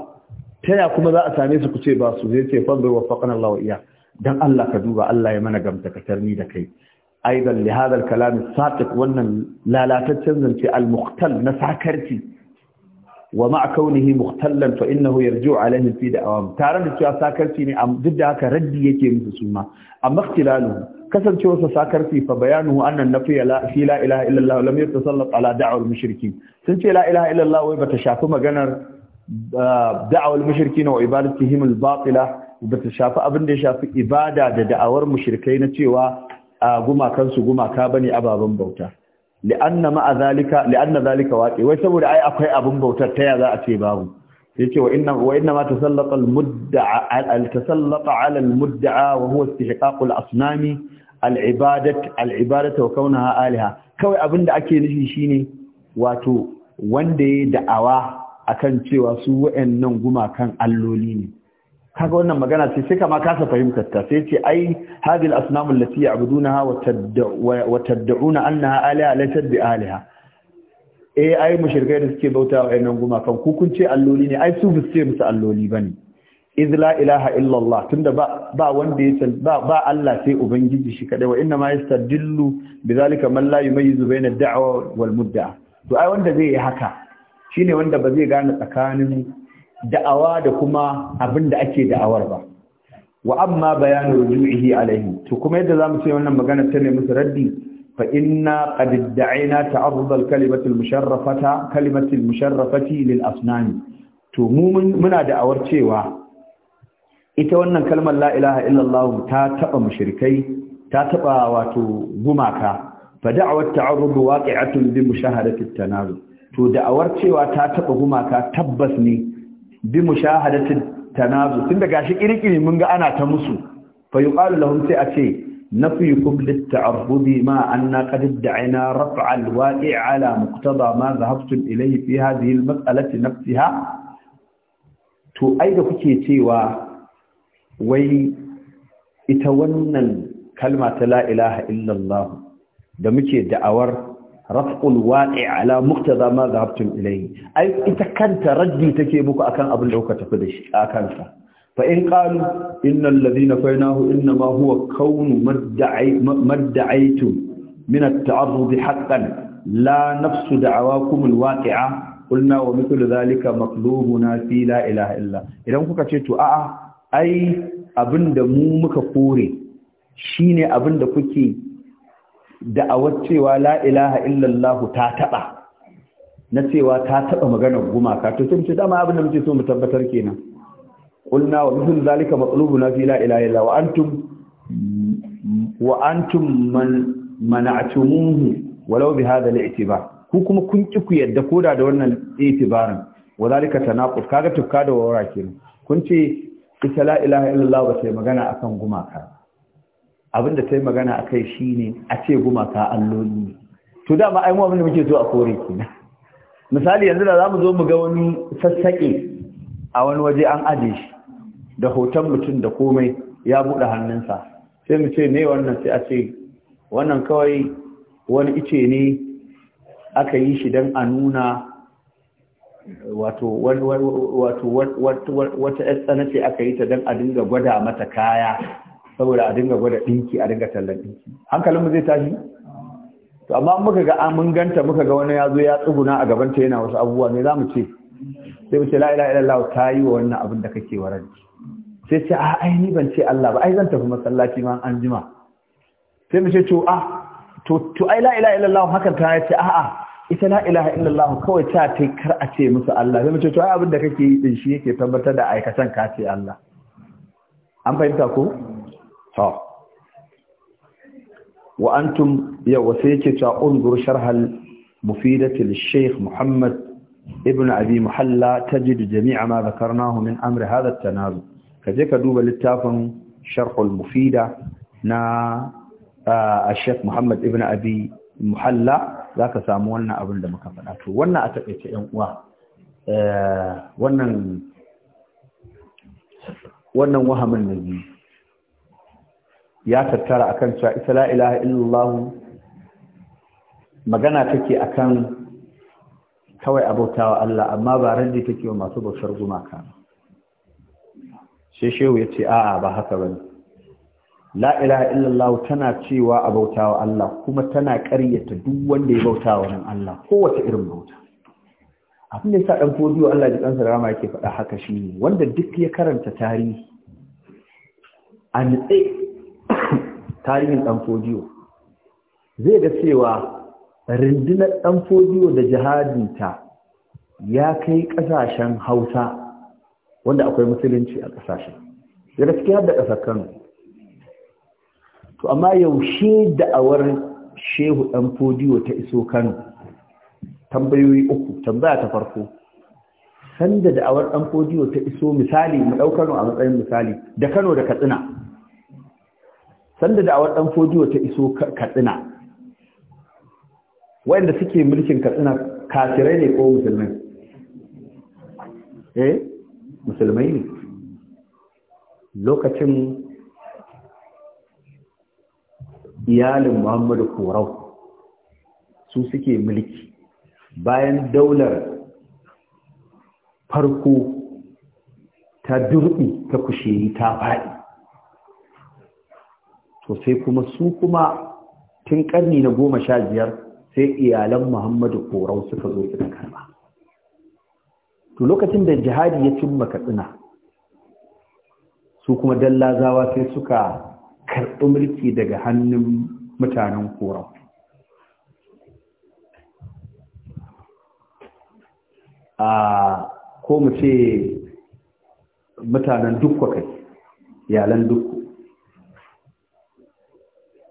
taya kuma za a same su ku ce ba su zai ce fa bi wafaqana Allah wa dan Allah ka duba Allah ya mana gamta ni da kai aidan li hadha al-kalam as wannan lalataccen zance al-muqtal na sakarci wa ma'a kaunihi muqtallan fa innahu yarji'u alayhi fi da'awam tare da cewa sakarci ne duk da haka raddi yake musu suma amma ikhtilalu kasancewar sa sakarci fa bayanuhu anna nafiya la fi la ilaha illa Allah lam yatasallat ala da'wa mushrikin sun ce la ilaha illa Allah wai bata shafi maganar ah, da'wa al-mushrikin wa ibadatihim al-batila ba ta shafi abin da ya shafi ibada da da'awar mushrikai na cewa a gumakansu gumaka bane ababen bauta li'anna ma'a zalika li'anna zalika wai saboda ai akwai abin bautar ta ya za a ce babu yace wa inna wa inna ma tasallaqa al-mudda'a al-tasallaqa 'ala al-mudda'a wa huwa istihqaq al-asnami al-ibadat al-ibadat wa kaunaha alaha kawai abin da ake nufi shine wato wanda ya da'awa akan cewa su wa'annan gumakan alloli ne kaga wannan magana ce sai kama kasa fahimtar ta sai ce ai al asnam allati ya'budunaha wa tad'una annaha alaha la tadbi alaha eh ai mushrikai da suke bauta wa guma gumakan ku kun ce alloli ne ai su ba su musu alloli bane iz la ilaha illa allah tunda ba ba wanda ya ba ba allah sai ubangiji shi kadai wa inna ma yastadillu bidhalika man la yumayyizu bayna ad-da'wa wal mudda'a to ai wanda zai yi haka shine wanda ba zai gane tsakanin da'awa da kuma abin da ake da'awar ba wa amma bayanu rujuihi alaihi to kuma yadda zamu ce wannan magana ta ne musu raddi fa inna qad da'ayna ta'arrud al-kalimati al-musharrafata kalimati al-musharrafati lil asnani to mu muna da'awar cewa ita wannan kalmar la ilaha illallah ta taba mushrikai ta taba wato gumaka fada'awar ta'arrudu waqi'atun bi mushahadati at-tanazul to da'awar cewa ta taba gumaka tabbas ne bi mu shahadatin tanazu tun da gashi kirkiri mun ga ana ta musu fa yuqalu lahum sai a ce nafiyukum litta'arrudi ma anna qad da'ina raf'a alwaqi' ala muqtada ma dhahabtum ilayhi fi hadhihi almas'alati nafsiha to ai da kuke cewa wai ita wannan kalma ta la'ilaha ilaha illallah da muke da'awar raf'ul waqi' ala muqtada ma dhahabtum ilayhi ai ita kanta raddi take muku akan abin da kuka tafi da shi akan fa in qalu innal hu, fainahu inma huwa kaunu madda'i madda'aytum min at-ta'arrud haqqan la nafsu da'awakum al-waqi'a qulna wa mithlu dhalika maqlubuna fi la ilaha illa idan kuka ce to a'a ai abinda mu muka kore shine abinda kuke da'awar cewa la ilaha illallah ta taɓa na cewa ta taɓa maganar gumaka to sai mu ce dama abin da muke so mu tabbatar kenan qulna wa bihi zalika matlubuna fi la ilaha illallah wa antum wa antum man mana'tumuhu walau bi hadha al-i'tibar ku kuma kun ki ku yadda koda da wannan itibaran wa zalika tanaqud kaga tukka da wara kenan kun ce ita la ilaha illallah ba sai magana akan gumaka abinda ta yi magana a kai shi ne a ce gumaka alloli ne to dama ai mu abinda muke so a kore na. misali yanzu da za mu zo mu ga wani sassaƙe a wani waje an aje shi da hoton mutum da komai ya buɗe hannunsa sai mu ce ne wannan sai a ce wannan kawai wani ice ne aka yi shi don a nuna wato wata tsana ce aka yi ta don a dinga gwada mata kaya saboda a dinga gwada ɗinki a dinga tallan ɗinki hankalinmu zai tashi to amma muka ga ah, mun ganta muka ga wani ya zo ya tsuguna a gabanta yana wasu abubuwa ne za mu ce sai mu ce la ilaha illallah ta yi wa wannan abin da kake waran sai ce a ah, ai ni ban ce Allah ba ai zan tafi masallaci ma an jima sai mu ce to a ah, to to ai la ilaha illallah hakan ta ce a a ita la ilaha illallah kawai ta ta kar a ce musu Allah sai mu ce to ai abin da kake yi din shi yake tabbatar da aikatan ka ce Allah an fahimta ko to wa antum ya wasu yake cewa unzur sharhal mufidatil sheikh muhammad ibn abi muhalla tajid jami'a ma zakarnahu min amri hadha at ka je ka duba littafin sharhul mufida na a Sheikh Muhammad ibn Abi Muhalla ka samu wannan abin da muka faɗa to wannan a takeice yan uwa eh, wannan wannan wahamin biyu. ya tattara akan cewa ita la ilaha illallah magana take akan kawai abautawa Allah amma ba raddi take wa masu bautar gumaka sai shehu ya ce a'a ba haka bane la ilaha illallah tana cewa abautawa Allah kuma tana ƙaryata duk wanda ya bauta wa Allah kowace irin bauta abin da yasa dan fodiyo Allah ji kansa rama yake faɗa haka shine wanda duk ya karanta tarihi an tsaye tarihin ɗan fodiyo zai ga cewa rundunar ɗan fodiyo da jihadinta ya kai ƙasashen hausa wanda akwai musulunci a ƙasashen da gaskiya da ƙasar kano to amma yaushe da'awar shehu ɗan fodiyo ta iso kano tambayoyi uku tambaya ta farko sanda da'awar ɗan fodiyo ta iso misali mu ɗau kano a matsayin misali da kano da katsina sanda da awar dan fodiyo ta iso katsina wanda suke mulkin katsina kafirai ne ko musulmai eh musulmai ne lokacin iyalin muhammadu kurau su suke mulki bayan daular farko ta durbi ta kushe ta faɗi to sai kuma su kuma tun karni na goma sha biyar sai iyalan muhammadu korau suka zo suka karba to lokacin da jihadi ya cimma katsina su kuma dallazawa sai suka karɓi mulki daga hannun mutanen korau a ko mu ce mutanen dukwa kai iyalan dukku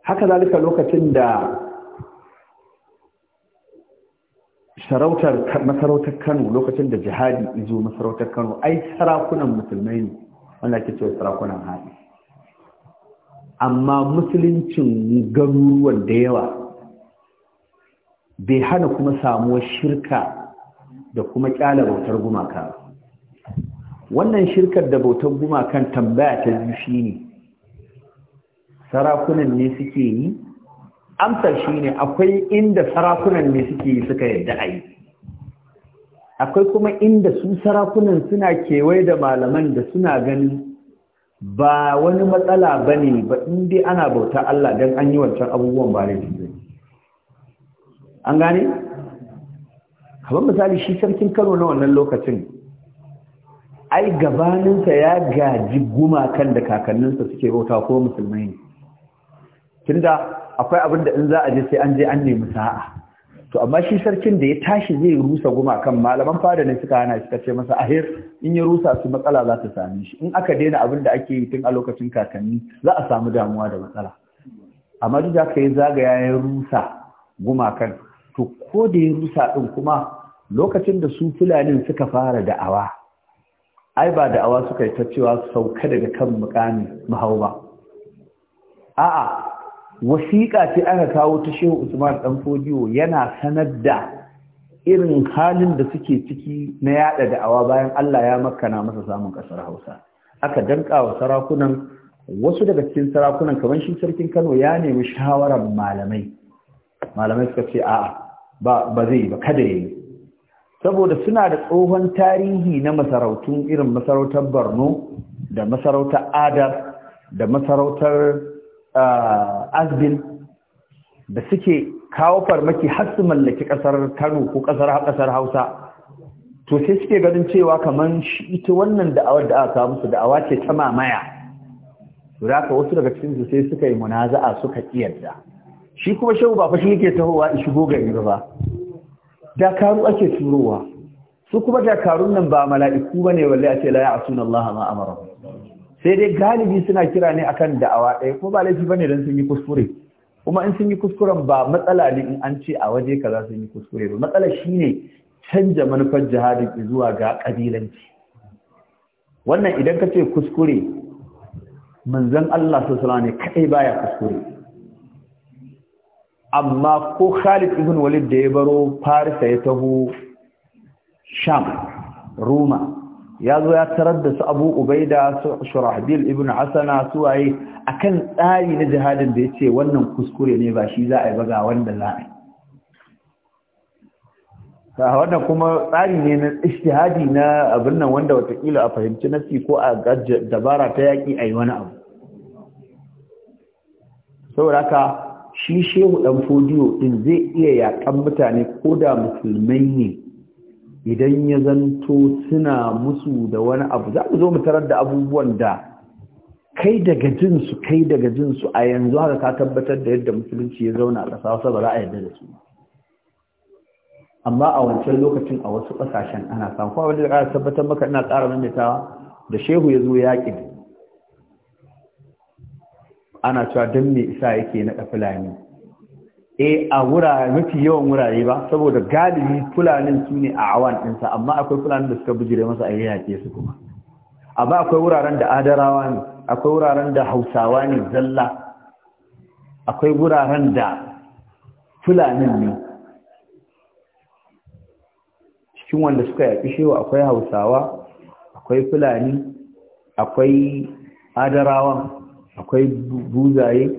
haka zalika lokacin da sarautar masarautar Kano lokacin da jihadi izo masarautar Kano ai sarakunan musulmai ne wanda ake cewa sarakunan hadi amma musuluncin garuruwan da yawa bai hana kuma samuwar shirka da kuma kyala bautar gumaka wannan shirkar da bautar gumakan tambaya ta shi ne. sarakunan ne suke yi amsar shi ne akwai inda sarakunan ne suke yi suka yadda a yi akwai kuma inda su sarakunan suna kewaye da malaman da suna ganin ba wani matsala ba ne ba inda ana bauta Allah don an yi wancan abubuwan ba ne an gane? kamar misali shi sarkin kano na wannan lokacin ai gabaninsa ya gaji gumakan da kakanninsa suke bauta ko musulmai ne da akwai abin da in za a je sai an je an nemi sa'a to amma shi sarkin da ya tashi zai rusa gumakan malaman fada ne suka hana suka ce masa ahir in ya rusa su matsala za ta same shi in aka daina abin da ake yi tun a lokacin kakanni za a samu damuwa da matsala amma duk da yi zagaya ya rusa gumakan to ko da ya rusa din kuma lokacin da su fulanin suka fara da'awa ai ba da'awa suka yi ta cewa sauka daga kan mukami mahau ba a'a wasiƙa ce aka kawo ta shehu usman dan fodiyo yana sanar da irin halin da suke ciki na yada da'awa bayan Allah ya makana masa samun kasar Hausa aka danka wa sarakunan wasu daga cikin sarakunan kamar shi sarkin Kano ya nemi shawaran malamai malamai suka ce a'a ba ba zai ba kada yayi saboda suna da tsohon tarihi na masarautun irin masarautar Borno da masarautar Adar da masarautar asbin da suke kawo farmaki har su mallaki kasar kano ko kasar kasar hausa to sai suke ganin cewa kamar shi ita wannan da'awar da aka musu da'awa ce ta mamaya to da ka wasu daga cikin su sai suka yi munaza'a suka kiyarda shi kuma shehu ba fa shi yake tahowa in shigo gari ba dakaru ake turowa su kuma dakarun nan ba mala'iku bane wallahi a ce la ya'suna Allah ma amara sai dai galibi suna kira ne akan da'awa ɗaya kuma ba laifi bane dan sun yi kuskure kuma in sun yi kuskuren ba matsala ne in an ce a waje kaza sun yi kuskure ba matsala shine canja manufar jihadin zuwa ga kabilanci wannan idan ka ce kuskure manzon Allah sallallahu alaihi wasallam ne kai baya kuskure amma ko Khalid ibn Walid da ya baro Farisa ya taho Sham Roma ya zo ya tarar da su abu ubaida su shurahbil ibn asana su waye akan tsari na jihadin da ya ce wannan kuskure ne ba shi za a yi ba ga wanda za a yi wannan kuma tsari ne na ishtihadi na abin nan wanda watakila a fahimci nasi ko a dabara ta yaƙi a yi wani abu saboda haka shi shehu ɗan fodiyo ɗin zai iya yaƙan mutane ko da musulmai ne idan ya zanto suna musu da wani abu za mu zo mu tarar da abubuwan da kai daga jinsu kai daga jinsu a yanzu haka ka tabbatar da yadda musulunci ya zauna a ƙasa wasu ba za a yadda da su amma a wancan lokacin a wasu ƙasashen ana samu kuma wanda ƙara tabbatar maka ina ƙara maimaitawa da shehu ya zo yaƙi ana cewa don me isa yake na fulani e a wurare mafi yawan wurare ba saboda galibi fulanin su ne a awan ɗinsa amma akwai fulanin da suka bujire masa a yaƙe su kuma amma akwai wuraren da adarawa ne akwai wuraren da hausawa ne zalla akwai wuraren da fulanin ne cikin wanda suka yaƙi shewa akwai hausawa akwai fulani akwai adarawa akwai buzaye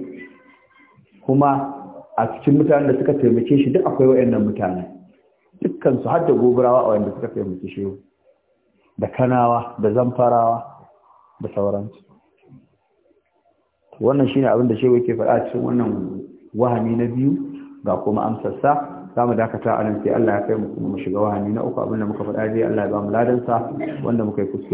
kuma a cikin mutanen da suka taimake shi duk akwai wayannan mutane dukkan su har da a wanda suka taimake shi da kanawa da zamfarawa da sauransu wannan shine abin da shehu yake faɗa cikin wannan wahani na biyu ga kuma amsarsa za mu dakata a nan sai Allah ya kai mu kuma mu shiga wahani na uku abin da muka faɗa dai Allah ya ba mu ladansa wanda muka yi kuskure